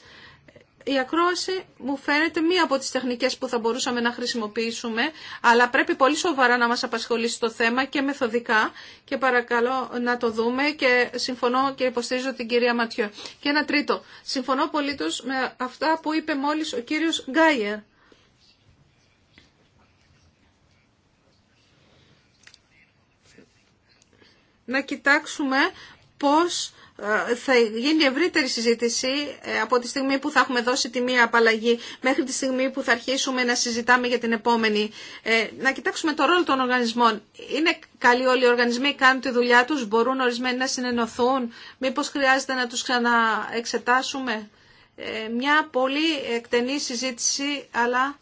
η ακρόαση μου φαίνεται μία από τις τεχνικές που θα μπορούσαμε να χρησιμοποιήσουμε, αλλά πρέπει πολύ σοβαρά να μας απασχολήσει το θέμα και μεθοδικά και παρακαλώ να το δούμε και συμφωνώ και υποστηρίζω την κυρία Ματιό. Και ένα τρίτο, συμφωνώ πολύ με αυτά που είπε μόλις ο κύριος Γκάιερ. Να κοιτάξουμε πώς ε, θα γίνει ευρύτερη συζήτηση ε, από τη στιγμή που θα έχουμε δώσει τη μία απαλλαγή μέχρι τη στιγμή που θα αρχίσουμε να συζητάμε για την επόμενη. Ε, να κοιτάξουμε το ρόλο των οργανισμών. Είναι καλοί όλοι οι οργανισμοί, κάνουν τη δουλειά τους, μπορούν ορισμένοι να συνενωθούν. Μήπως χρειάζεται να τους ξαναεξετάσουμε. Μια πολύ εκτενή συζήτηση, αλλά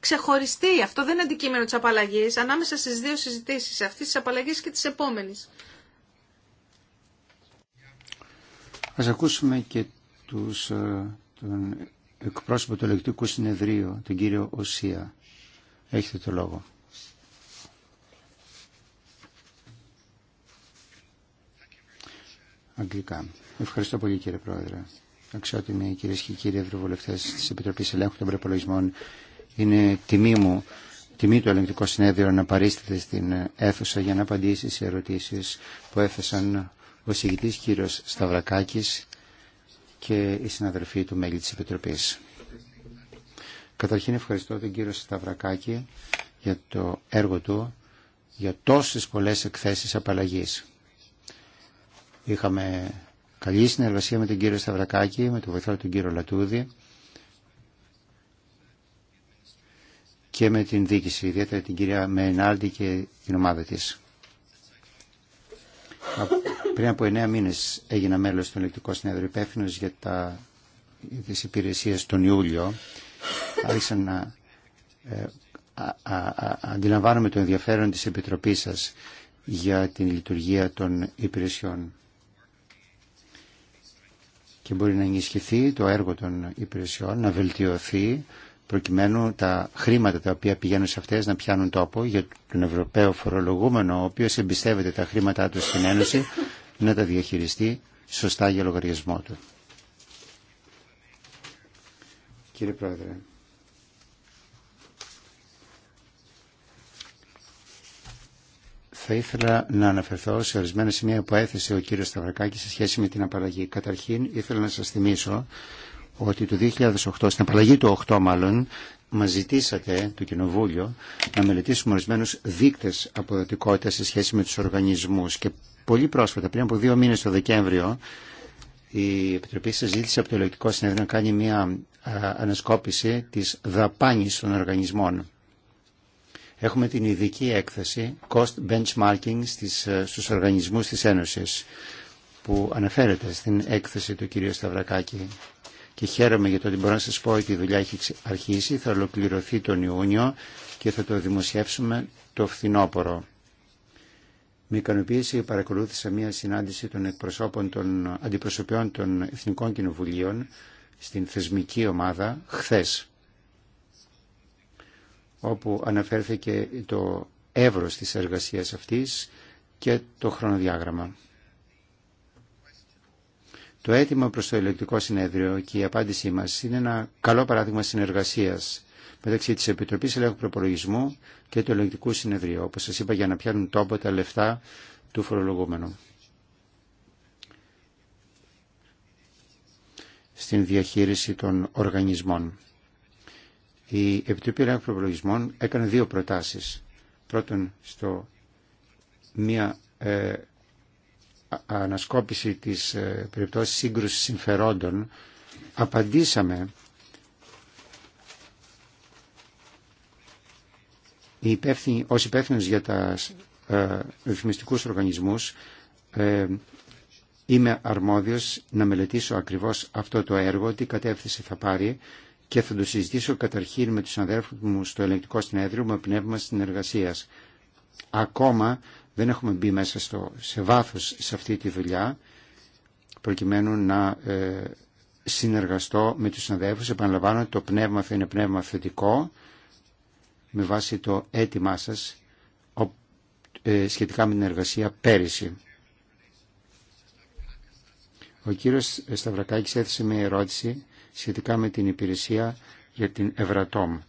ξεχωριστή. Αυτό δεν είναι αντικείμενο της απαλλαγής, ανάμεσα στις δύο συζητήσεις, αυτής της απαλλαγής και της επόμενης.
Ας ακούσουμε και τους, ε, τον εκπρόσωπο του Ελεκτικού Συνεδρίου, τον κύριο Οσία. Έχετε το λόγο. Αγγλικά. Ευχαριστώ πολύ κύριε Πρόεδρε. Αξιότιμοι κυρίε και κύριοι ευρωβουλευτέ τη Επιτροπή Ελέγχου των Προπολογισμών, είναι τιμή μου, τιμή του Ελεγκτικού Συνέδριου να παρίσταται στην αίθουσα για να απαντήσει σε ερωτήσει που έθεσαν ο συγητής κύριος Σταυρακάκης και η συναδελφή του μέλη της Επιτροπής. Καταρχήν ευχαριστώ τον κύριο Σταυρακάκη για το έργο του, για τόσες πολλές εκθέσεις απαλλαγής. Είχαμε καλή συνεργασία με τον κύριο Σταυρακάκη, με τον βοηθό του κύριο Λατούδη και με την δίκηση, ιδιαίτερα την κυρία Μενάλτη και την ομάδα της. Πριν από εννέα μήνε έγινα μέλο του Ελεκτικού Συνέδριο υπεύθυνο για, τα, για τις υπηρεσίες τον Ιούλιο. Άρχισα να ε, α, α, α, αντιλαμβάνομαι το ενδιαφέρον τη επιτροπή σα για την λειτουργία των υπηρεσιών και μπορεί να ενισχυθεί το έργο των υπηρεσιών, να βελτιωθεί προκειμένου τα χρήματα τα οποία πηγαίνουν σε αυτές να πιάνουν τόπο για τον Ευρωπαίο φορολογούμενο ο οποίος εμπιστεύεται τα χρήματά του στην Ένωση να τα διαχειριστεί σωστά για λογαριασμό του. Κύριε Πρόεδρε, θα ήθελα να αναφερθώ σε ορισμένα σημεία που έθεσε ο κύριος Σταυρακάκη σε σχέση με την απαλλαγή. Καταρχήν ήθελα να σας θυμίσω ότι το 2008, στην απαλλαγή του 8 μάλλον, μας ζητήσατε το Κοινοβούλιο να μελετήσουμε ορισμένους δείκτες αποδοτικότητας σε σχέση με τους οργανισμούς και πολύ πρόσφατα, πριν από δύο μήνες το Δεκέμβριο, η Επιτροπή ζήτησε από το Ελεκτικό Συνέδριο να κάνει μια ανασκόπηση της δαπάνης των οργανισμών. Έχουμε την ειδική έκθεση Cost Benchmarking στις, ε, στους οργανισμούς της Ένωσης που αναφέρεται στην έκθεση του κυρίου Σταυρακάκη. Και χαίρομαι για το ότι μπορώ να σας πω ότι η δουλειά έχει αρχίσει, θα ολοκληρωθεί τον Ιούνιο και θα το δημοσιεύσουμε το φθινόπωρο. Με ικανοποίηση παρακολούθησα μια συνάντηση των εκπροσώπων των αντιπροσωπιών των Εθνικών Κοινοβουλίων στην θεσμική ομάδα χθες όπου αναφέρθηκε το εύρος της εργασίας αυτής και το χρονοδιάγραμμα. Το αίτημα προς το ηλεκτρικό συνέδριο και η απάντησή μας είναι ένα καλό παράδειγμα συνεργασίας μεταξύ της Επιτροπής Ελέγχου Προπολογισμού και του Ελεγκτικού Συνεδρίου, όπω σας είπα, για να πιάνουν τόπο τα λεφτά του φορολογούμενου. στην διαχείριση των οργανισμών. Η Επιτροπή Ελέγχου Προπολογισμών έκανε δύο προτάσεις. Πρώτον, στο μία ε, ανασκόπηση της ε, περιπτώσης σύγκρουσης συμφερόντων, απαντήσαμε υπεύθυνοι, ως υπεύθυνο για τα ε, ρυθμιστικούς οργανισμούς ε, είμαι αρμόδιος να μελετήσω ακριβώς αυτό το έργο, τι κατεύθυνση θα πάρει και θα το συζητήσω καταρχήν με τους αδέρφους μου στο ελεγκτικό συνέδριο με πνεύμα συνεργασίας. Ακόμα δεν έχουμε μπει μέσα στο, σε βάθος σε αυτή τη δουλειά προκειμένου να ε, συνεργαστώ με τους αδέρφους. Επαναλαμβάνω το πνεύμα θα είναι πνεύμα θετικό με βάση το αίτημά σας ε, σχετικά με την εργασία πέρυσι. Ο κύριος Σταυρακάκης έθεσε μια ερώτηση σχετικά με την υπηρεσία για την Ευρατόμ.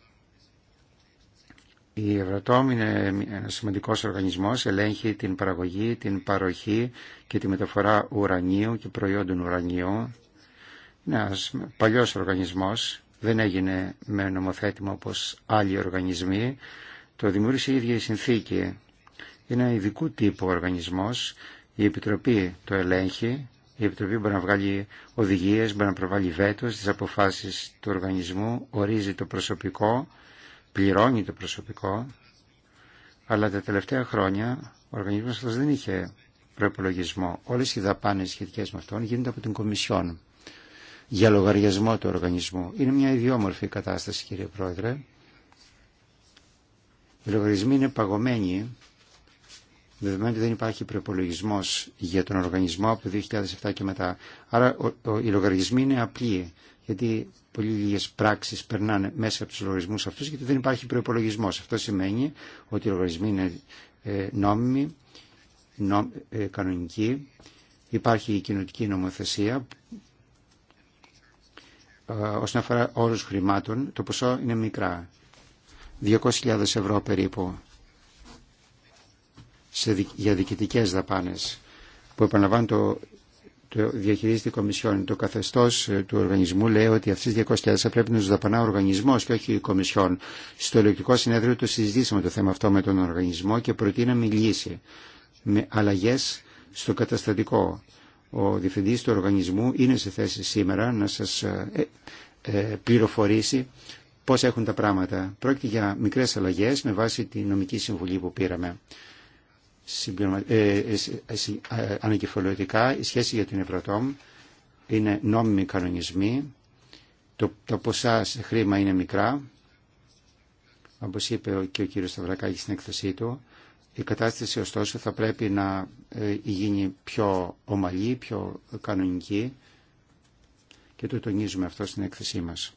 Η Ευρατόμ είναι ένα σημαντικός οργανισμός, ελέγχει την παραγωγή, την παροχή και τη μεταφορά ουρανίου και προϊόντων ουρανίου. Είναι ένας παλιός οργανισμός δεν έγινε με νομοθέτημα όπως άλλοι οργανισμοί. Το δημιούργησε η ίδια η συνθήκη. Είναι ένα ειδικού τύπου οργανισμός. Η Επιτροπή το ελέγχει. Η Επιτροπή μπορεί να βγάλει οδηγίες, μπορεί να προβάλλει βέτο στις αποφάσεις του οργανισμού, ορίζει το προσωπικό, πληρώνει το προσωπικό. Αλλά τα τελευταία χρόνια ο οργανισμός αυτός δεν είχε προπολογισμό. Όλες οι δαπάνες σχετικές με αυτόν γίνονται από την Κομισιόν για λογαριασμό του οργανισμού. Είναι μια ιδιόμορφη κατάσταση κύριε Πρόεδρε. Οι λογαριασμοί είναι παγωμένοι, δεδομένου ότι δεν υπάρχει προπολογισμό για τον οργανισμό από το 2007 και μετά. Άρα ο, ο, οι λογαριασμοί είναι απλοί, γιατί πολύ λίγε πράξει περνάνε μέσα από του λογαριασμού αυτού, γιατί δεν υπάρχει προπολογισμό. Αυτό σημαίνει ότι οι λογαριασμοί είναι ε, νόμιμοι, ε, κανονικοί, υπάρχει η κοινωτική νομοθεσία ε, όσον αφορά όρους χρημάτων, το ποσό είναι μικρά. 200.000 ευρώ περίπου σε, για διοικητικές δαπάνες που επαναλαμβάνει το, το διαχειρίζεται η Κομισιόν. Το καθεστώς ε, του οργανισμού λέει ότι αυτέ τι 200.000 θα πρέπει να του δαπανά ο οργανισμός και όχι η Κομισιόν. Στο ηλεκτρικό συνέδριο το συζητήσαμε το θέμα αυτό με τον οργανισμό και προτείναμε λύση με αλλαγέ στο καταστατικό ο διευθυντής του οργανισμού είναι σε θέση σήμερα να σας ε, ε, πληροφορήσει πώς έχουν τα πράγματα. Πρόκειται για μικρές αλλαγές με βάση τη νομική συμβουλή που πήραμε. Συμπληρωμα... Ε, ε, η σχέση για την Ευρωτόμ είναι νόμιμη κανονισμή. Το, τα ποσά σε χρήμα είναι μικρά. Όπω είπε και ο κύριος Σταυρακάκη στην έκθεσή του, η κατάσταση ωστόσο θα πρέπει να ε, γίνει πιο ομαλή, πιο κανονική και το τονίζουμε αυτό στην έκθεσή μας.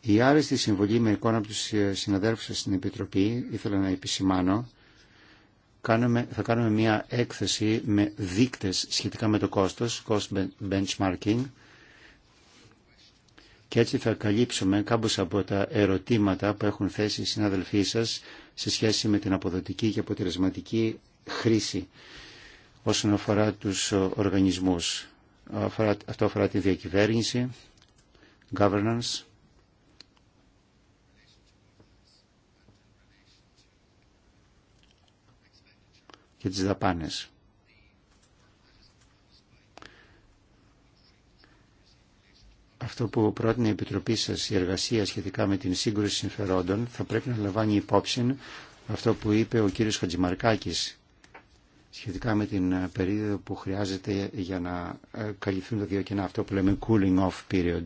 Η άρεστη συμβολή με εικόνα από τους ε, συναδέλφους σας στην Επιτροπή, ήθελα να επισημάνω, κάνουμε, θα κάνουμε μια έκθεση με δείκτες σχετικά με το κόστος, cost benchmarking, και έτσι θα καλύψουμε κάμπος από τα ερωτήματα που έχουν θέσει οι συνάδελφοί σας σε σχέση με την αποδοτική και αποτελεσματική χρήση όσον αφορά τους οργανισμούς. Αυτό αφορά τη διακυβέρνηση, governance, και τις δαπάνες. αυτό που πρότεινε η Επιτροπή σας η εργασία σχετικά με την σύγκρουση συμφερόντων θα πρέπει να λαμβάνει υπόψη αυτό που είπε ο κύριος Χατζημαρκάκης σχετικά με την περίοδο που χρειάζεται για να ε, καλυφθούν τα δύο κενά, αυτό που λέμε cooling off period».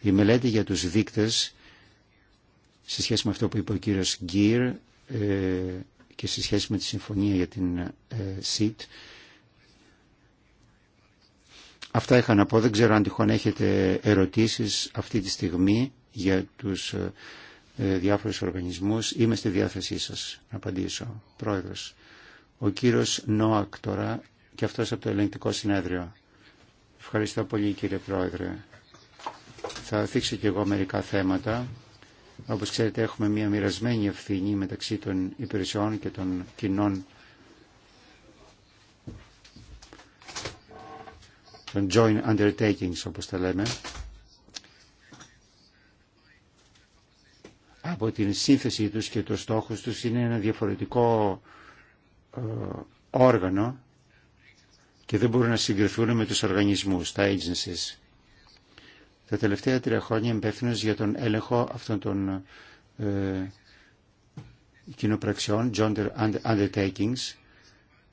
Η μελέτη για τους δείκτες σε σχέση με αυτό που είπε ο κύριος Γκίρ ε, και σε σχέση με τη συμφωνία για την SIT ε, Αυτά είχα να πω. Δεν ξέρω αν τυχόν έχετε ερωτήσεις αυτή τη στιγμή για τους ε, ε, διάφορους οργανισμούς. Είμαι στη διάθεσή σας να απαντήσω. Πρόεδρος, ο κύριος Νόακ τώρα και αυτός από το ελεγκτικό συνέδριο. Ευχαριστώ πολύ κύριε Πρόεδρε. Θα θίξω και εγώ μερικά θέματα. Όπως ξέρετε έχουμε μια μοιρασμένη ευθύνη μεταξύ των υπηρεσιών και των κοινών των joint undertakings όπως τα λέμε από την σύνθεση τους και το στόχος τους είναι ένα διαφορετικό ε, όργανο και δεν μπορούν να συγκριθούν με τους οργανισμούς, τα agencies. Τα τελευταία τρία χρόνια υπεύθυνο για τον έλεγχο αυτών των ε, κοινοπραξιών, joint undertakings,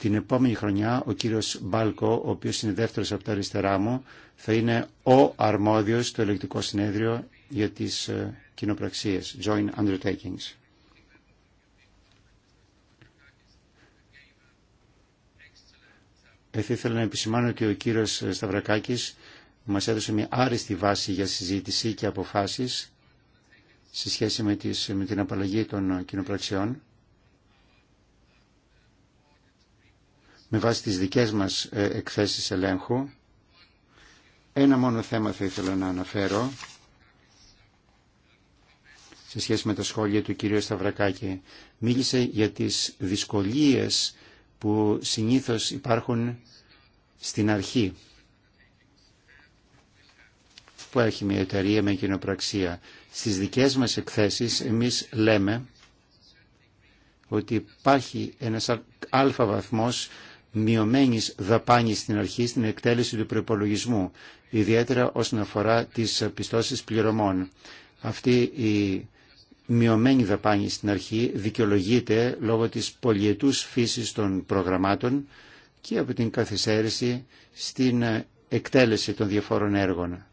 την επόμενη χρονιά ο κύριος Μπάλκο, ο οποίος είναι δεύτερος από τα αριστερά μου, θα είναι ο αρμόδιος στο ελεκτικό συνέδριο για τις ε, κοινοπραξίες, joint undertakings. θα ήθελα να επισημάνω ότι ο κύριος ε, Σταυρακάκης μας έδωσε μια άριστη βάση για συζήτηση και αποφάσεις σε σχέση με, τις, με την απαλλαγή των ε, κοινοπραξιών με βάση τις δικές μας ε, εκθέσεις ελέγχου. Ένα μόνο θέμα θα ήθελα να αναφέρω σε σχέση με τα σχόλια του κυρίου Σταυρακάκη. Μίλησε για τις δυσκολίες που συνήθως υπάρχουν στην αρχή που έχει μια εταιρεία με κοινοπραξία. Στις δικές μας εκθέσεις εμείς λέμε ότι υπάρχει ένας αλφα βαθμός μειωμένη δαπάνη στην αρχή στην εκτέλεση του προπολογισμού, ιδιαίτερα όσον αφορά τι πιστώσει πληρωμών. Αυτή η μειωμένη δαπάνη στην αρχή δικαιολογείται λόγω της πολιετούς φύσης των προγραμμάτων και από την καθυσέρηση στην εκτέλεση των διαφόρων έργων.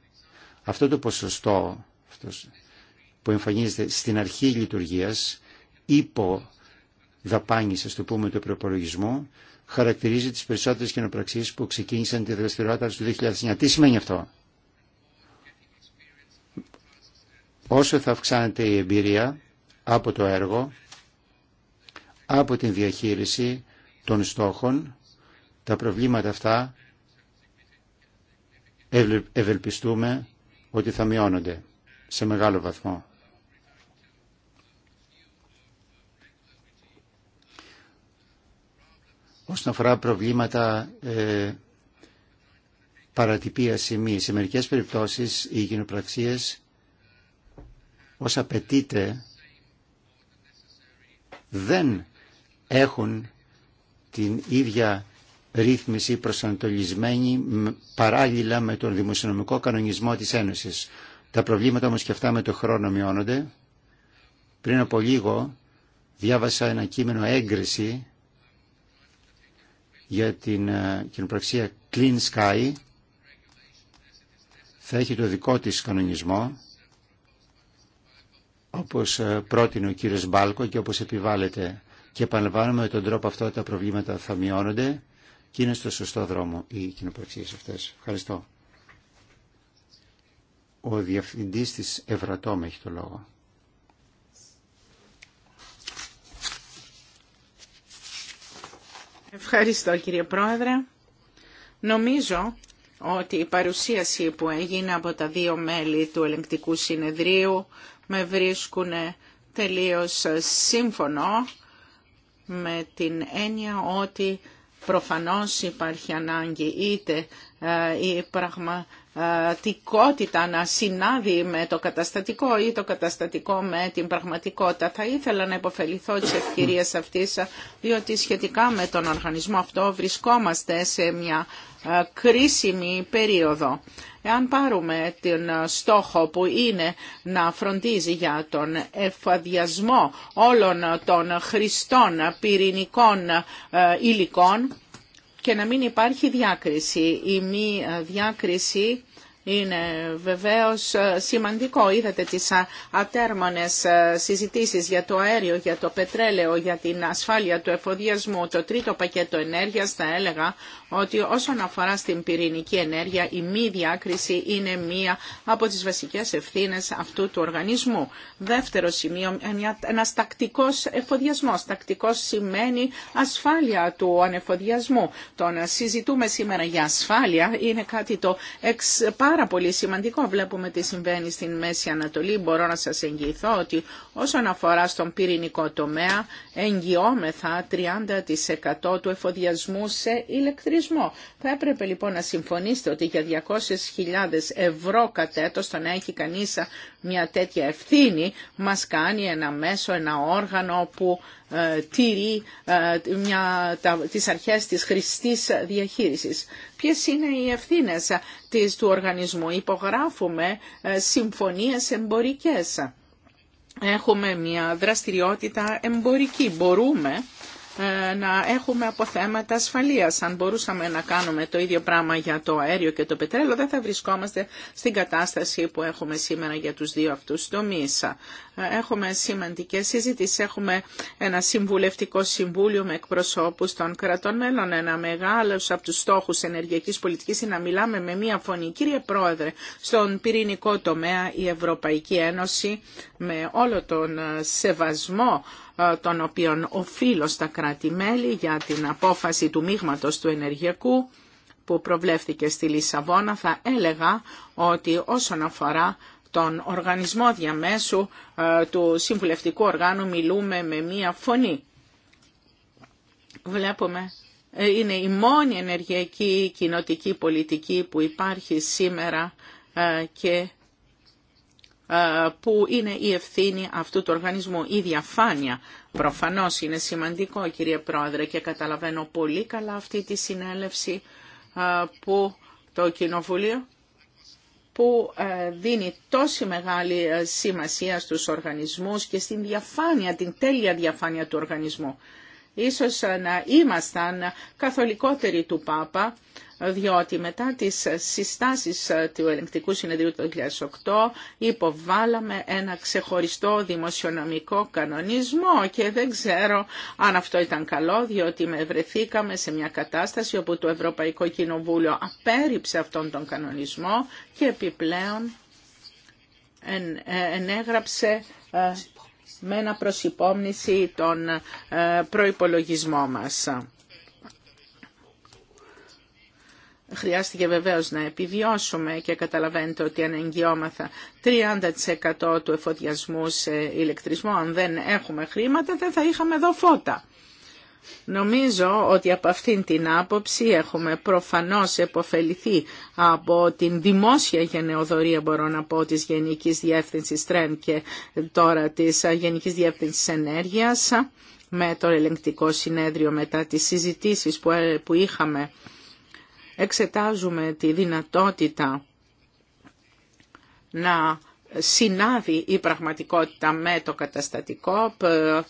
Αυτό το ποσοστό αυτός, που εμφανίζεται στην αρχή λειτουργίας υπό δαπάνης, το πούμε, του προπολογισμού, χαρακτηρίζει τις περισσότερες κοινοπραξίες που ξεκίνησαν τη δραστηριότητα του 2009. Τι σημαίνει αυτό. Όσο θα αυξάνεται η εμπειρία από το έργο, από την διαχείριση των στόχων, τα προβλήματα αυτά ευελπιστούμε ότι θα μειώνονται σε μεγάλο βαθμό. όσον αφορά προβλήματα ε, παρατυπίας ημί. Σε μερικές περιπτώσεις οι γενοπραξίες, ως απαιτείται δεν έχουν την ίδια ρύθμιση προσανατολισμένη παράλληλα με τον δημοσιονομικό κανονισμό της Ένωσης. Τα προβλήματα όμως και αυτά με το χρόνο μειώνονται. Πριν από λίγο διάβασα ένα κείμενο έγκριση για την ε, κοινοπραξία Clean Sky θα έχει το δικό της κανονισμό όπως ε, πρότεινε ο κύριος Μπάλκο και όπως επιβάλλεται και επαναλαμβάνουμε ότι τον τρόπο αυτό τα προβλήματα θα μειώνονται και είναι στο σωστό δρόμο οι κοινοπραξίες αυτές. Ευχαριστώ. Ο Διευθυντής της Ευρατόμ έχει το λόγο.
Ευχαριστώ κύριε Πρόεδρε. Νομίζω ότι η παρουσίαση που έγινε από τα δύο μέλη του ελεγκτικού συνεδρίου με βρίσκουν τελείως σύμφωνο με την έννοια ότι προφανώς υπάρχει ανάγκη είτε η ε, πραγμα τικότητα να συνάδει με το καταστατικό ή το καταστατικό με την πραγματικότητα. Θα ήθελα να υποφεληθώ της ευκαιρίας αυτής, διότι σχετικά με τον οργανισμό αυτό βρισκόμαστε σε μια κρίσιμη περίοδο. Εάν πάρουμε τον στόχο που είναι να φροντίζει για τον εφαδιασμό όλων των χρηστών πυρηνικών υλικών και να μην υπάρχει διάκριση. Η μη διάκριση είναι βεβαίως ε, σημαντικό. Είδατε τις ε, ατέρμονες ε, συζητήσεις για το αέριο, για το πετρέλαιο, για την ασφάλεια του εφοδιασμού. Το τρίτο πακέτο ενέργειας θα έλεγα ότι όσον αφορά στην πυρηνική ενέργεια η μη διάκριση είναι μία από τις βασικές ευθύνες αυτού του οργανισμού. Δεύτερο σημείο, ένα τακτικός εφοδιασμός. Τακτικός σημαίνει ασφάλεια του ανεφοδιασμού. Το να συζητούμε σήμερα για ασφάλεια είναι κάτι το εξ, πάρα πολύ σημαντικό. Βλέπουμε τι συμβαίνει στην Μέση Ανατολή. Μπορώ να σας εγγυηθώ ότι όσον αφορά στον πυρηνικό τομέα, εγγυόμεθα 30% του εφοδιασμού σε ηλεκτρισμό. Θα έπρεπε λοιπόν να συμφωνήσετε ότι για 200.000 ευρώ κατέτος το να έχει κανείς μια τέτοια ευθύνη μας κάνει ένα μέσο, ένα όργανο που ε, τηρεί ε, μια, τα, τις αρχές της χρηστής διαχείρισης. Ποιες είναι οι ευθύνες της, του οργανισμού. Υπογράφουμε ε, συμφωνίες εμπορικές. Έχουμε μια δραστηριότητα εμπορική. Μπορούμε ε, να έχουμε από θέματα ασφαλείας. Αν μπορούσαμε να κάνουμε το ίδιο πράγμα για το αέριο και το πετρέλαιο, δεν θα βρισκόμαστε στην κατάσταση που έχουμε σήμερα για τους δύο αυτούς τομείς έχουμε σημαντικές συζητήσεις. Έχουμε ένα συμβουλευτικό συμβούλιο με εκπροσώπους των κρατών μέλων. Ένα μεγάλο από τους στόχους ενεργειακής πολιτικής είναι να μιλάμε με μία φωνή. Κύριε Πρόεδρε, στον πυρηνικό τομέα η Ευρωπαϊκή Ένωση με όλο τον ε, σεβασμό ε, τον οποίον οφείλω στα κράτη-μέλη για την απόφαση του μείγματος του ενεργειακού που προβλέφθηκε στη Λισαβόνα, θα έλεγα ότι όσον αφορά τον οργανισμό διαμέσου ε, του συμβουλευτικού οργάνου μιλούμε με μία φωνή. Βλέπουμε, ε, είναι η μόνη ενεργειακή κοινοτική πολιτική που υπάρχει σήμερα ε, και που είναι η ευθύνη αυτού του οργανισμού. Η διαφάνεια προφανώς είναι σημαντικό κύριε Πρόεδρε και καταλαβαίνω πολύ καλά αυτή τη συνέλευση που το Κοινοβουλίο που ε, δίνει τόση μεγάλη ε, σημασία στους οργανισμούς και στην διαφάνεια, την τέλεια διαφάνεια του οργανισμού. Ίσως ε, να ήμασταν καθολικότεροι του Πάπα, διότι μετά τις συστάσεις ε, του Ελεγκτικού Συνεδρίου του 2008 υποβάλαμε ένα ξεχωριστό δημοσιονομικό κανονισμό και δεν ξέρω αν αυτό ήταν καλό, διότι με βρεθήκαμε σε μια κατάσταση όπου το Ευρωπαϊκό Κοινοβούλιο απέρριψε αυτόν τον κανονισμό και επιπλέον ε, ενέγραψε ε, με ένα προσυπόμνηση τον προϋπολογισμό μας. Χρειάστηκε βεβαίως να επιβιώσουμε και καταλαβαίνετε ότι εγγυόμαθα 30% του εφοδιασμού σε ηλεκτρισμό. Αν δεν έχουμε χρήματα δεν θα είχαμε εδώ φώτα. Νομίζω ότι από αυτήν την άποψη έχουμε προφανώς επωφεληθεί από την δημόσια γενεοδορία, μπορώ να πω, της Γενικής Διεύθυνσης Τρέν και τώρα της Γενικής Διεύθυνσης Ενέργειας με το ελεγκτικό συνέδριο μετά τις συζητήσεις που ε, είχαμε εξετάζουμε τη δυνατότητα να συνάδει η πραγματικότητα με το καταστατικό.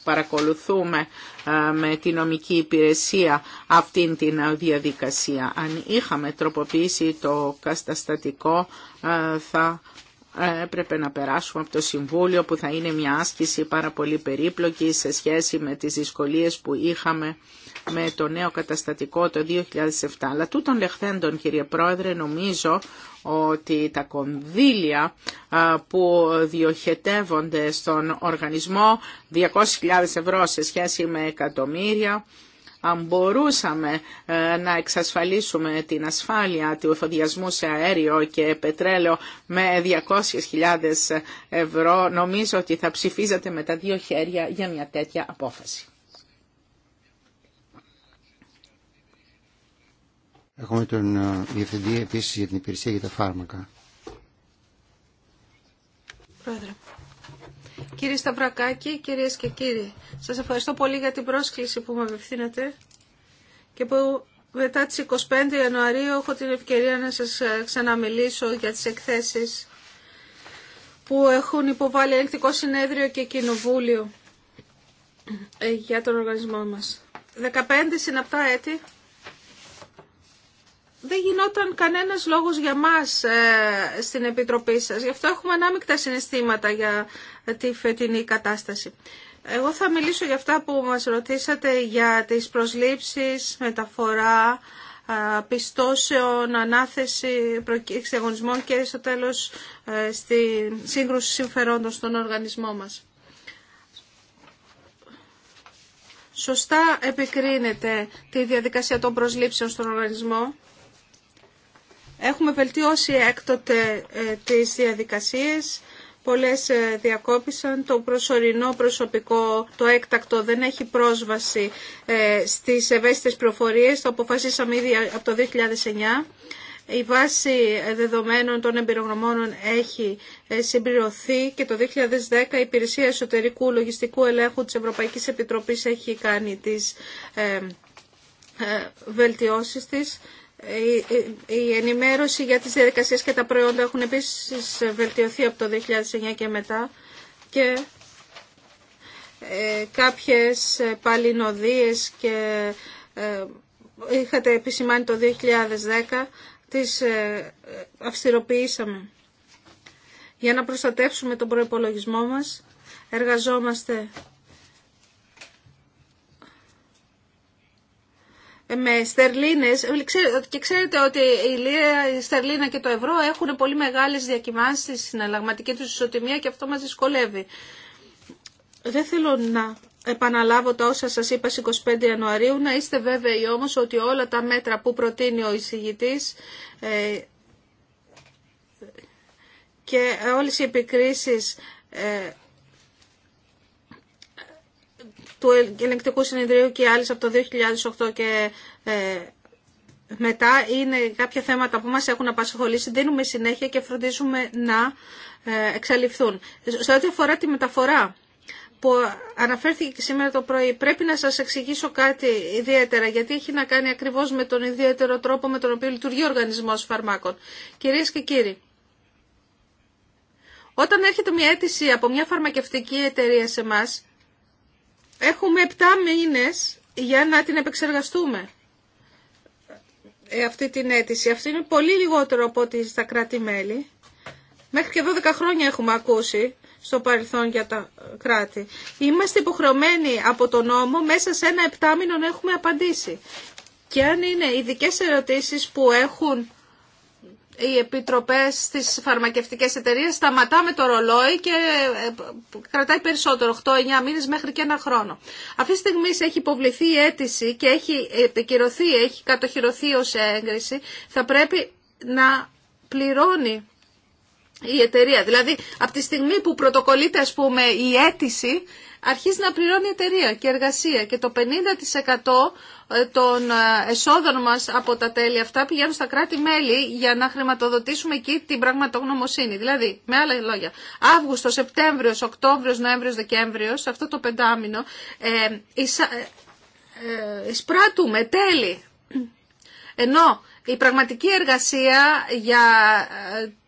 Παρακολουθούμε με τη νομική υπηρεσία αυτήν την διαδικασία. Αν είχαμε τροποποιήσει το καταστατικό θα ε, έπρεπε να περάσουμε από το Συμβούλιο που θα είναι μια άσκηση πάρα πολύ περίπλοκη σε σχέση με τις δυσκολίες που είχαμε με το νέο καταστατικό το 2007. Αλλά τούτων λεχθέντων κύριε Πρόεδρε νομίζω ότι τα κονδύλια ε, που διοχετεύονται στον οργανισμό 200.000 ευρώ σε σχέση με εκατομμύρια αν μπορούσαμε ε, να εξασφαλίσουμε την ασφάλεια του εφοδιασμού σε αέριο και πετρέλαιο με 200.000 ευρώ, νομίζω ότι θα ψηφίζατε με τα δύο χέρια για μια τέτοια απόφαση.
Έχουμε τον ε, Διευθυντή επίσης για την υπηρεσία τα φάρμακα.
Κύριε Σταυρακάκη, κυρίες και κύριοι, σας ευχαριστώ πολύ για την πρόσκληση που με απευθύνετε και που μετά τις 25 Ιανουαρίου έχω την ευκαιρία να σας ε, ξαναμιλήσω για τις εκθέσεις που έχουν υποβάλει ελεκτικό συνέδριο και κοινοβούλιο ε, για τον οργανισμό μας. 15 συναπτά έτη δεν γινόταν κανένας λόγος για μας ε, στην Επιτροπή σας. Γι' αυτό έχουμε ανάμεικτα συναισθήματα για τη φετινή κατάσταση. Εγώ θα μιλήσω για αυτά που μας ρωτήσατε για τις προσλήψεις, μεταφορά, ε, πιστώσεων, ανάθεση, εξεγονισμών και στο τέλος ε, στη σύγκρουση συμφερόντων στον οργανισμό μας. Σωστά επικρίνεται τη διαδικασία των προσλήψεων στον οργανισμό Έχουμε βελτιώσει έκτοτε ε, τις διαδικασίες. Πολλές ε, διακόπησαν. Το προσωρινό προσωπικό, το έκτακτο, δεν έχει πρόσβαση ε, στις ευαίσθητες προφορίες. Το αποφασίσαμε ήδη από το 2009. Η βάση δεδομένων των εμπειρογνωμόνων έχει συμπληρωθεί και το 2010 η Υπηρεσία Εσωτερικού Λογιστικού Ελέγχου της Ευρωπαϊκής Επιτροπής έχει κάνει τις βελτιώσεις της ε, ε, η ενημέρωση για τις διαδικασίες και τα προϊόντα έχουν επίσης βελτιωθεί από το 2009 και μετά και ε, κάποιες παλινοδίες και είχατε επισημάνει το 2010 τις αυστηροποιήσαμε. Για να προστατεύσουμε τον προϋπολογισμό μας εργαζόμαστε Ε, με στερλίνες ε, και ξέρετε ότι η λία η στερλίνα και το ευρώ έχουν πολύ μεγάλες διακοιμάνσεις στην συναλλαγματική τους ισοτιμία και αυτό μας δυσκολεύει. Δεν θέλω να επαναλάβω τα όσα σας είπα στις 25 Ιανουαρίου, να είστε βέβαιοι όμως ότι όλα τα μέτρα που προτείνει ο εισηγητής ε, και όλες οι επικρίσεις του Ελεγκτικού Συνεδρίου και άλλες από το 2008 και ε, μετά είναι κάποια θέματα που μας έχουν απασχολήσει, δίνουμε συνέχεια και φροντίζουμε να ε, εξαλειφθούν. Σε ό,τι αφορά τη μεταφορά που αναφέρθηκε και σήμερα το πρωί, πρέπει να σας εξηγήσω κάτι ιδιαίτερα, γιατί έχει να κάνει ακριβώς με τον ιδιαίτερο τρόπο με τον οποίο λειτουργεί ο οργανισμός φαρμάκων. Κυρίες και κύριοι, όταν έρχεται μια αίτηση από μια φαρμακευτική εταιρεία σε εμά. Έχουμε 7 μήνες για να την επεξεργαστούμε ε, αυτή την αίτηση. Αυτή είναι πολύ λιγότερο από ό,τι στα κράτη-μέλη. Μέχρι και 12 χρόνια έχουμε ακούσει στο παρελθόν για τα κράτη. Είμαστε υποχρεωμένοι από τον νόμο μέσα σε ένα επτάμινο να έχουμε απαντήσει. Και αν είναι ειδικέ ερωτήσεις που έχουν οι επιτροπές στις φαρμακευτικές εταιρείες σταματάμε το ρολόι και ε, κρατάει περισσότερο, 8-9 μήνες μέχρι και ένα χρόνο. Αυτή τη στιγμή έχει υποβληθεί η αίτηση και έχει επικυρωθεί, έχει κατοχυρωθεί ως έγκριση, θα πρέπει να πληρώνει η εταιρεία. Δηλαδή, από τη στιγμή που πρωτοκολλείται, ας πούμε, η αίτηση, αρχίζει να πληρώνει η εταιρεία και η εργασία. Και το 50% ε, των ε, εσόδων μας από τα τέλη αυτά πηγαίνουν στα κράτη-μέλη για να χρηματοδοτήσουμε εκεί την πραγματογνωμοσύνη. Δηλαδή, με άλλα λόγια, Αύγουστο, Σεπτέμβριο, Οκτώβριο, Νοέμβριο, Δεκέμβριο, σε αυτό το πεντάμινο, ε, ε, εισπράττουμε τέλη. Ενώ η πραγματική εργασία για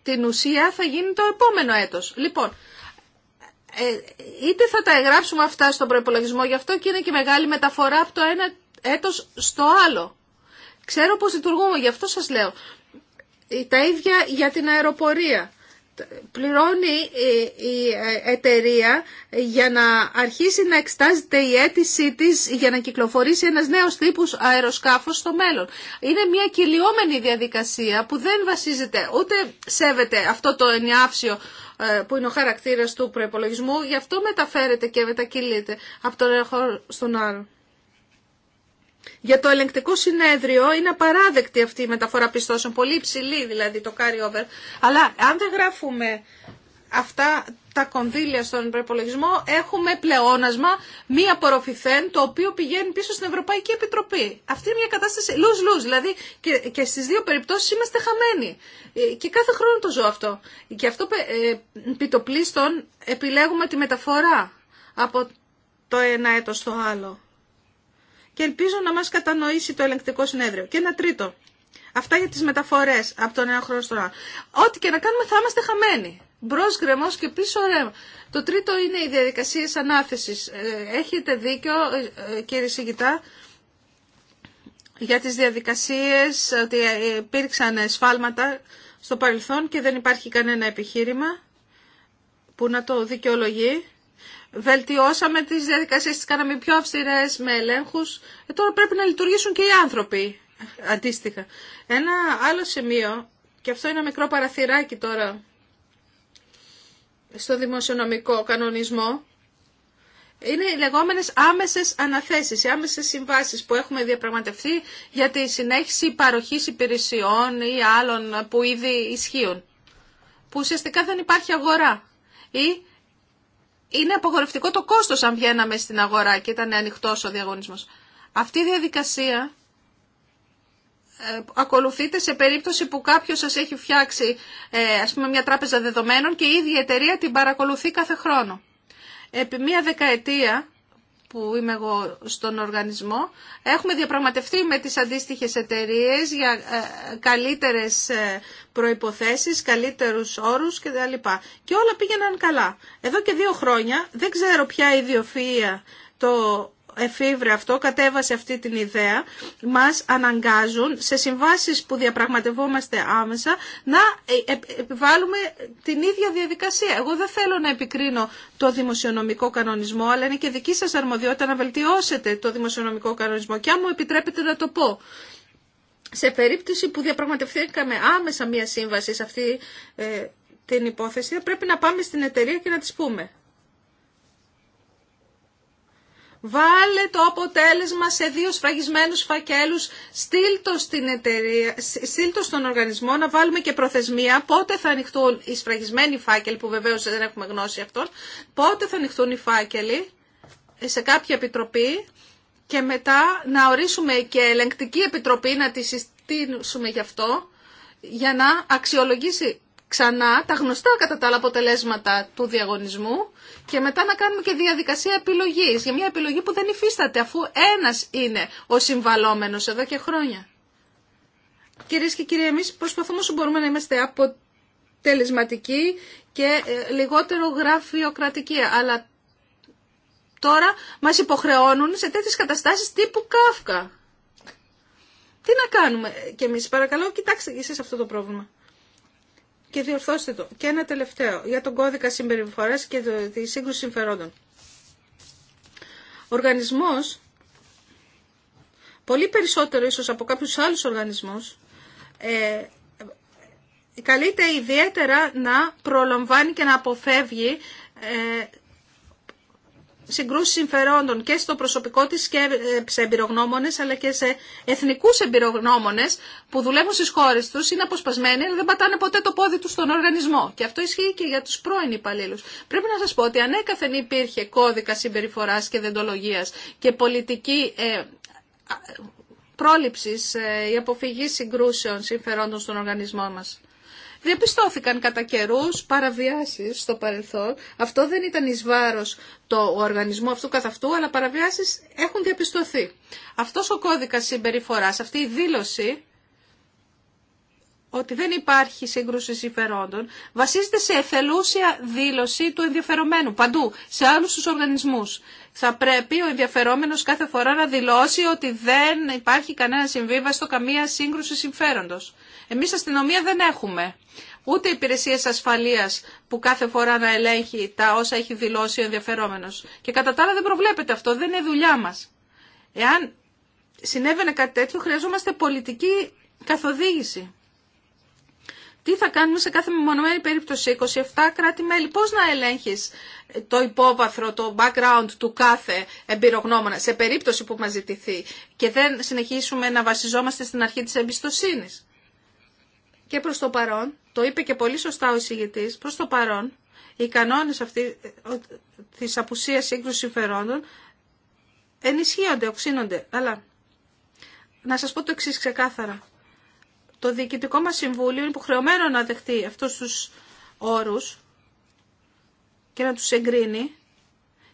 την ουσία θα γίνει το επόμενο έτος. Λοιπόν, είτε θα τα εγγράψουμε αυτά στον προπολογισμό, γι' αυτό και είναι και μεγάλη μεταφορά από το ένα έτος στο άλλο. Ξέρω πώς λειτουργούμε, γι' αυτό σας λέω. Ε, τα ίδια για την αεροπορία. Πληρώνει ε, η ε, εταιρεία για να αρχίσει να εξτάζεται η αίτησή της για να κυκλοφορήσει ένας νέος τύπος αεροσκάφος στο μέλλον. Είναι μια κυλιόμενη διαδικασία που δεν βασίζεται, ούτε σέβεται αυτό το ενιάψιο που είναι ο χαρακτήρας του προπολογισμού, γι' αυτό μεταφέρεται και μετακυλείται από τον ένα στον άλλο. Για το ελεγκτικό συνέδριο είναι απαράδεκτη αυτή η μεταφορά πιστώσεων, πολύ υψηλή δηλαδή το carry-over. Αλλά αν δεν γράφουμε αυτά τα κονδύλια στον προπολογισμό, έχουμε πλεόνασμα μη απορροφηθέν, το οποίο πηγαίνει πίσω στην Ευρωπαϊκή Επιτροπή. Αυτή είναι μια κατάσταση lose-lose, δηλαδή και, και στις δύο περιπτώσεις είμαστε χαμένοι. Ε, και κάθε χρόνο το ζω αυτό. Και αυτό ε, πιτοπλίστων επιλέγουμε τη μεταφορά από το ένα έτος στο άλλο και ελπίζω να μας κατανοήσει το ελεγκτικό συνέδριο. Και ένα τρίτο. Αυτά για τις μεταφορές από τον ένα χρόνο στον άλλο. Ό,τι και να κάνουμε θα είμαστε χαμένοι. Μπρο γκρεμό και πίσω ρεύμα. Το τρίτο είναι οι διαδικασίε ανάθεση. Ε, έχετε δίκιο, ε, ε, κύριε Σιγητά, για τι διαδικασίε ότι υπήρξαν σφάλματα στο παρελθόν και δεν υπάρχει κανένα επιχείρημα που να το δικαιολογεί. Βελτιώσαμε τι διαδικασίε τι κάναμε πιο αυστηρέ με ελέγχου, Ε, τώρα πρέπει να λειτουργήσουν και οι άνθρωποι αντίστοιχα. Ένα άλλο σημείο, και αυτό είναι ένα μικρό παραθυράκι τώρα στο δημοσιονομικό κανονισμό, είναι οι λεγόμενες άμεσες αναθέσεις, οι άμεσες συμβάσεις που έχουμε διαπραγματευτεί για τη συνέχιση παροχής υπηρεσιών ή άλλων που ήδη ισχύουν. Που ουσιαστικά δεν υπάρχει αγορά ή είναι απογορευτικό το κόστος αν βγαίναμε στην αγορά και ήταν ανοιχτό ο διαγωνισμός. Αυτή η διαδικασία ε, ακολουθείται σε περίπτωση που κάποιος σας έχει φτιάξει ε, ας πούμε μια τράπεζα δεδομένων και η ίδια εταιρεία την παρακολουθεί κάθε χρόνο. Επί μια δεκαετία που είμαι εγώ στον οργανισμό, έχουμε διαπραγματευτεί με τις αντίστοιχες εταιρείες για ε, καλύτερες ε, προϋποθέσεις, καλύτερους όρους κλπ. Και όλα πήγαιναν καλά. Εδώ και δύο χρόνια, δεν ξέρω ποια ιδιοφυΐα το εφήβρε αυτό, κατέβασε αυτή την ιδέα, μας αναγκάζουν σε συμβάσεις που διαπραγματευόμαστε άμεσα να ε, ε, επιβάλλουμε την ίδια διαδικασία. Εγώ δεν θέλω να επικρίνω το δημοσιονομικό κανονισμό, αλλά είναι και δική σας αρμοδιότητα να βελτιώσετε το δημοσιονομικό κανονισμό και αν μου επιτρέπετε να το πω. Σε περίπτωση που διαπραγματευθήκαμε άμεσα μία σύμβαση σε αυτή ε, την υπόθεση, πρέπει να πάμε στην εταιρεία και να της πούμε. Βάλε το αποτέλεσμα σε δύο σφραγισμένους φακέλους, στείλτο, στην εταιρεία, στον οργανισμό να βάλουμε και προθεσμία πότε θα ανοιχτούν οι σφραγισμένοι φάκελοι, που βεβαίως δεν έχουμε γνώση αυτών, πότε θα ανοιχτούν οι φάκελοι σε κάποια επιτροπή και μετά να ορίσουμε και ελεγκτική επιτροπή να τη συστήνουμε γι' αυτό για να αξιολογήσει ξανά τα γνωστά κατά τα άλλα αποτελέσματα του διαγωνισμού και μετά να κάνουμε και διαδικασία επιλογής για μια επιλογή που δεν υφίσταται αφού ένας είναι ο συμβαλόμενος εδώ και χρόνια. Κυρίες και κύριοι, εμείς προσπαθούμε όσο μπορούμε να είμαστε αποτελεσματικοί και ε, λιγότερο γραφειοκρατικοί, αλλά τώρα μας υποχρεώνουν σε τέτοιες καταστάσεις τύπου Κάφκα. Τι να κάνουμε κι εμείς, παρακαλώ, κοιτάξτε εσείς αυτό το πρόβλημα και διορθώστε το. Και ένα τελευταίο για τον κώδικα συμπεριφοράς και τη σύγκρουση συμφερόντων. Ο οργανισμός, πολύ περισσότερο ίσως από κάποιου άλλους οργανισμού, ε, καλείται ιδιαίτερα να προλαμβάνει και να αποφεύγει ε, συγκρούσεις συμφερόντων και στο προσωπικό της και σε εμπειρογνώμονες αλλά και σε εθνικούς εμπειρογνώμονες που δουλεύουν στις χώρες τους, είναι αποσπασμένοι αλλά δεν πατάνε ποτέ το πόδι τους στον οργανισμό. Και αυτό ισχύει και για τους πρώην υπαλλήλου. Πρέπει να σας πω ότι ανέκαθεν υπήρχε κώδικα συμπεριφοράς και δεντολογίας και πολιτική ε, ή ε, αποφυγή συγκρούσεων συμφερόντων στον οργανισμό μας. Διαπιστώθηκαν κατά καιρού παραβιάσεις στο παρελθόν. Αυτό δεν ήταν ει βάρο το οργανισμό αυτού καθ' αυτού, αλλά παραβιάσεις έχουν διαπιστωθεί. Αυτός ο κώδικας συμπεριφορά, αυτή η δήλωση ότι δεν υπάρχει σύγκρουση συμφερόντων, βασίζεται σε εθελούσια δήλωση του ενδιαφερομένου παντού, σε άλλου του οργανισμού. Θα πρέπει ο ενδιαφερόμενος κάθε φορά να δηλώσει ότι δεν υπάρχει κανένα συμβίβαστο, καμία σύγκρουση συμφέροντο. Εμεί αστυνομία δεν έχουμε. Ούτε υπηρεσίε ασφαλεία που κάθε φορά να ελέγχει τα όσα έχει δηλώσει ο ενδιαφερόμενο. Και κατά τα άλλα δεν προβλέπεται αυτό, δεν είναι δουλειά μα. Εάν συνέβαινε κάτι τέτοιο, χρειαζόμαστε πολιτική καθοδήγηση τι θα κάνουμε σε κάθε μεμονωμένη περίπτωση 27 κράτη-μέλη. Πώς να ελέγχεις το υπόβαθρο, το background του κάθε εμπειρογνώμονα σε περίπτωση που μας ζητηθεί και δεν συνεχίσουμε να βασιζόμαστε στην αρχή της εμπιστοσύνης. Και προς το παρόν, το είπε και πολύ σωστά ο εισηγητής, προς το παρόν οι κανόνες αυτή, της απουσίας σύγκρουσης συμφερόντων ενισχύονται, οξύνονται. Αλλά να σας πω το εξή ξεκάθαρα το Διοικητικό μας Συμβούλιο είναι υποχρεωμένο να δεχτεί αυτούς τους όρους και να τους εγκρίνει.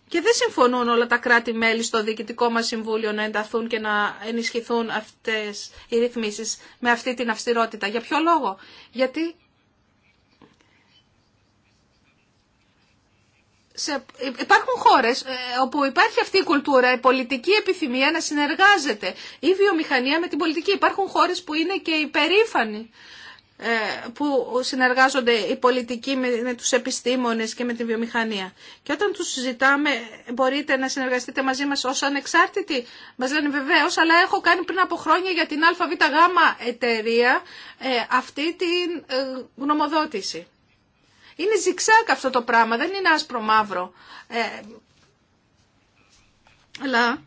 Και δεν συμφωνούν όλα τα κράτη-μέλη στο Διοικητικό μας Συμβούλιο να ενταθούν και να ενισχυθούν αυτές οι ρυθμίσεις με αυτή την αυστηρότητα. Για ποιο λόγο. Γιατί σε, υπάρχουν χώρες ε, όπου υπάρχει αυτή η κουλτούρα, η πολιτική επιθυμία να συνεργάζεται η βιομηχανία με την πολιτική. Υπάρχουν χώρες που είναι και υπερήφανοι ε, που συνεργάζονται οι πολιτικοί με τους επιστήμονες και με τη βιομηχανία. Και όταν τους συζητάμε μπορείτε να συνεργαστείτε μαζί μας ω ανεξάρτητοι. μα λένε βεβαίω, αλλά έχω κάνει πριν από χρόνια για την ΑΒΓ εταιρεία ε, αυτή την γνωμοδότηση. Είναι ζυξάκ αυτό το πράγμα, δεν είναι άσπρο μαύρο. Ε, αλλά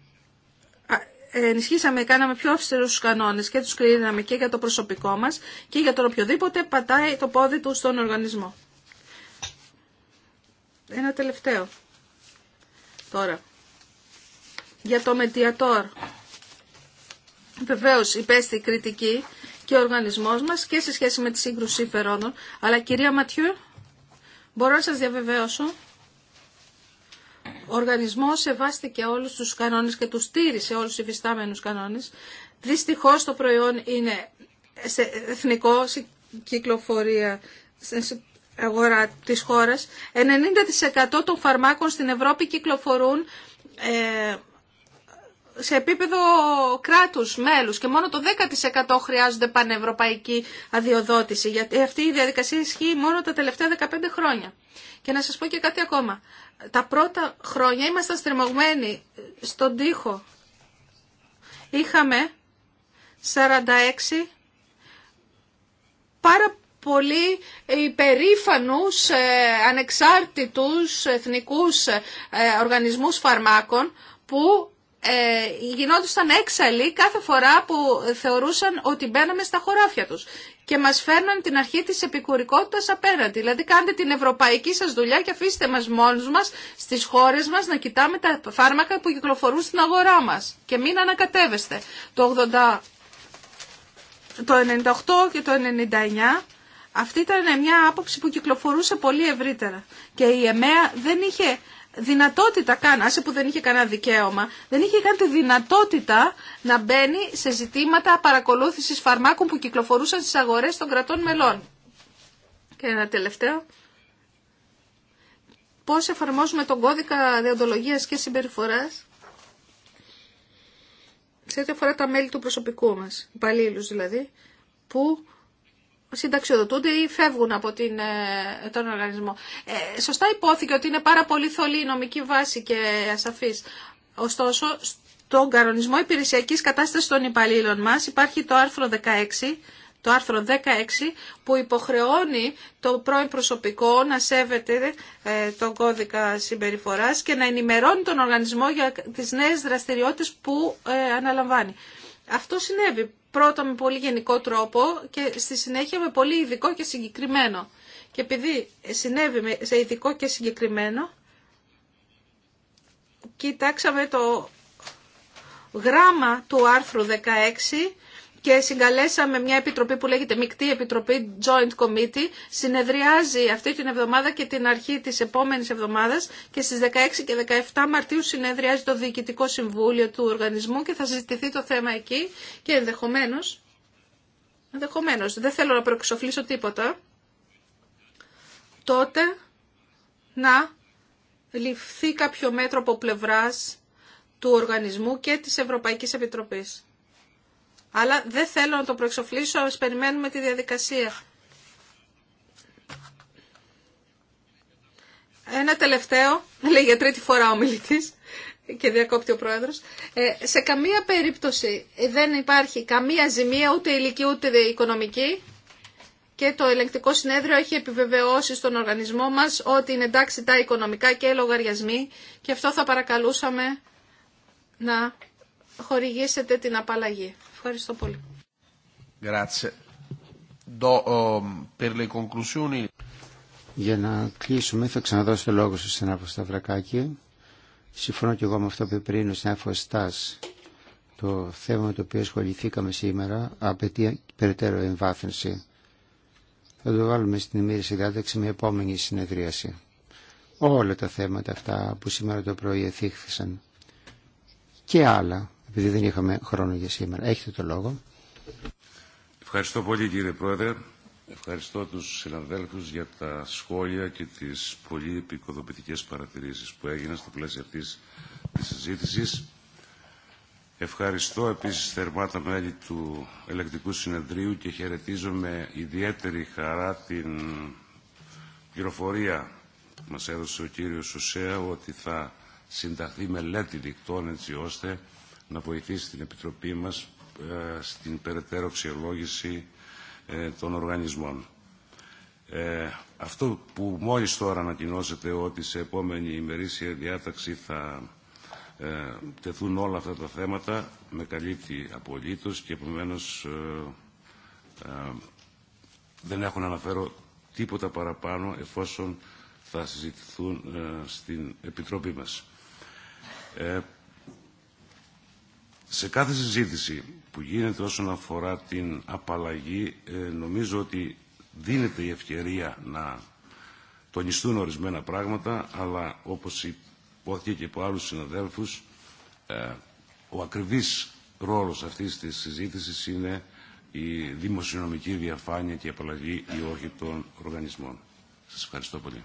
ενισχύσαμε, κάναμε πιο αυστηρούς τους κανόνες και τους κρίναμε και για το προσωπικό μας και για τον οποιοδήποτε πατάει το πόδι του στον οργανισμό. Ένα τελευταίο. Τώρα. Για το Μετιατόρ. Βεβαίω, υπέστη κριτική και ο οργανισμός μας και σε σχέση με τη σύγκρουση φερόνων, Αλλά κυρία Ματιού, Μπορώ να σας διαβεβαίωσω, ο οργανισμός σεβάστηκε όλους τους κανόνες και τους στήρισε όλους τους υφιστάμενους κανόνες. Δυστυχώς το προϊόν είναι εθνικό σε κυκλοφορία, σε αγορά της χώρας. 90% των φαρμάκων στην Ευρώπη κυκλοφορούν ε, σε επίπεδο κράτους, μέλους και μόνο το 10% χρειάζονται πανευρωπαϊκή αδειοδότηση γιατί αυτή η διαδικασία ισχύει μόνο τα τελευταία 15 χρόνια. Και να σας πω και κάτι ακόμα. Τα πρώτα χρόνια ήμασταν στριμωγμένοι στον τοίχο. Είχαμε 46 πάρα πολύ υπερήφανους, ε, ανεξάρτητους εθνικούς ε, οργανισμούς φαρμάκων που ε, γινόντουσαν έξαλλοι κάθε φορά που θεωρούσαν ότι μπαίναμε στα χωράφια τους και μας φέρναν την αρχή της επικουρικότητας απέναντι. Δηλαδή κάντε την ευρωπαϊκή σας δουλειά και αφήστε μας μόνους μας στις χώρες μας να κοιτάμε τα φάρμακα που κυκλοφορούν στην αγορά μας και μην ανακατεύεστε. Το, 80, το 98 και το 99 αυτή ήταν μια άποψη που κυκλοφορούσε πολύ ευρύτερα και η ΕΜΕΑ δεν είχε δυνατότητα καν, άσε που δεν είχε κανένα δικαίωμα, δεν είχε καν τη δυνατότητα να μπαίνει σε ζητήματα παρακολούθησης φαρμάκων που κυκλοφορούσαν στις αγορές των κρατών μελών. Και ένα τελευταίο. Πώς εφαρμόζουμε τον κώδικα διοντολογίας και συμπεριφοράς σε αφορά τα μέλη του προσωπικού μας, υπαλλήλου δηλαδή, που συνταξιοδοτούνται ή φεύγουν από την, ε, τον οργανισμό. Ε, σωστά υπόθηκε ότι είναι πάρα πολύ θολή η νομική βάση και ασαφής. Ωστόσο, στον κανονισμό υπηρεσιακής κατάστασης των υπαλλήλων μας υπάρχει το άρθρο 16, το άρθρο 16 που υποχρεώνει το πρώην προσωπικό να σέβεται ε, τον κώδικα συμπεριφοράς και να ενημερώνει τον οργανισμό για τις νέες δραστηριότητες που ε, αναλαμβάνει. Αυτό συνέβη πρώτα με πολύ γενικό τρόπο και στη συνέχεια με πολύ ειδικό και συγκεκριμένο. Και επειδή συνέβη σε ειδικό και συγκεκριμένο, κοιτάξαμε το γράμμα του άρθρου 16 και συγκαλέσαμε μια επιτροπή που λέγεται Μικτή Επιτροπή Joint Committee. Συνεδριάζει αυτή την εβδομάδα και την αρχή της επόμενης εβδομάδας και στις 16 και 17 Μαρτίου συνεδριάζει το Διοικητικό Συμβούλιο του Οργανισμού και θα συζητηθεί το θέμα εκεί και ενδεχομένως, ενδεχομένως δεν θέλω να προεξοφλήσω τίποτα, τότε να ληφθεί κάποιο μέτρο από πλευράς του οργανισμού και της Ευρωπαϊκής Επιτροπής. Αλλά δεν θέλω να το προεξοφλήσω, ας περιμένουμε τη διαδικασία. Ένα τελευταίο, [laughs] λέει για τρίτη φορά ο μιλητής και διακόπτει ο πρόεδρος. Ε, σε καμία περίπτωση δεν υπάρχει καμία ζημία ούτε ηλική ούτε οικονομική και το ελεγκτικό συνέδριο έχει επιβεβαιώσει στον οργανισμό μας ότι είναι εντάξει τα οικονομικά και οι λογαριασμοί και αυτό θα παρακαλούσαμε να χορηγήσετε την απαλλαγή. Ευχαριστώ πολύ.
Um,
Για να κλείσουμε θα ξαναδώσω το λόγο στον Σενάφο Σταυρακάκη. Συμφωνώ και εγώ με αυτό που πριν ο Σενάφο Στάς. Το θέμα με το οποίο ασχοληθήκαμε σήμερα απαιτεί περαιτέρω εμβάθυνση. Θα το βάλουμε στην ημέρηση διάταξη με επόμενη συνεδρίαση. Όλα τα θέματα αυτά που σήμερα το πρωί εθίχθησαν και άλλα επειδή δεν είχαμε χρόνο για σήμερα. Έχετε το λόγο.
Ευχαριστώ πολύ κύριε Πρόεδρε. Ευχαριστώ τους συναδέλφους για τα σχόλια και τις πολύ επικοδοποιητικές παρατηρήσεις που έγιναν στο πλαίσιο αυτής της συζήτησης. Ευχαριστώ επίσης θερμά τα μέλη του Ελεκτικού Συνεδρίου και χαιρετίζω με ιδιαίτερη χαρά την πληροφορία που μας έδωσε ο κύριος Σουσέα ότι θα συνταχθεί μελέτη δικτών έτσι ώστε να βοηθήσει την Επιτροπή μας ε, στην περαιτέρω αξιολόγηση ε, των οργανισμών. Ε, αυτό που μόλις τώρα ανακοινώσετε ότι σε επόμενη ημερήσια διάταξη θα τεθούν όλα αυτά τα θέματα με καλύπτει απολύτως και επομένως δεν έχω να αναφέρω τίποτα παραπάνω εφόσον θα συζητηθούν στην Επιτροπή μας. Σε κάθε συζήτηση που γίνεται όσον αφορά την απαλλαγή ε, νομίζω ότι δίνεται η ευκαιρία να τονιστούν ορισμένα πράγματα αλλά όπως υπόθηκε και από άλλους συναδέλφους ε, ο ακριβής ρόλος αυτής της συζήτησης είναι η δημοσιονομική διαφάνεια και η απαλλαγή ή όχι των οργανισμών. Σας ευχαριστώ πολύ.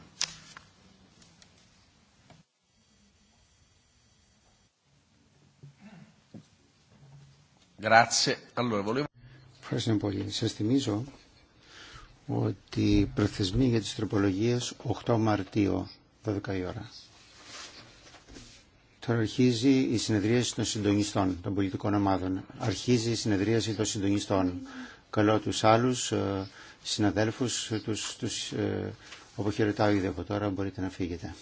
Ευχαριστώ πολύ. Σα θυμίζω ότι προθεσμοί για τι τροπολογίε 8 Μαρτίου, 12 η ώρα. Τώρα αρχίζει η συνεδρίαση των συντονιστών των πολιτικών ομάδων. Αρχίζει η συνεδρίαση των συντονιστών. Καλώ του άλλου ε, συναδέλφου, τους, τους αποχαιρετάω ε, ήδη από τώρα, μπορείτε να φύγετε.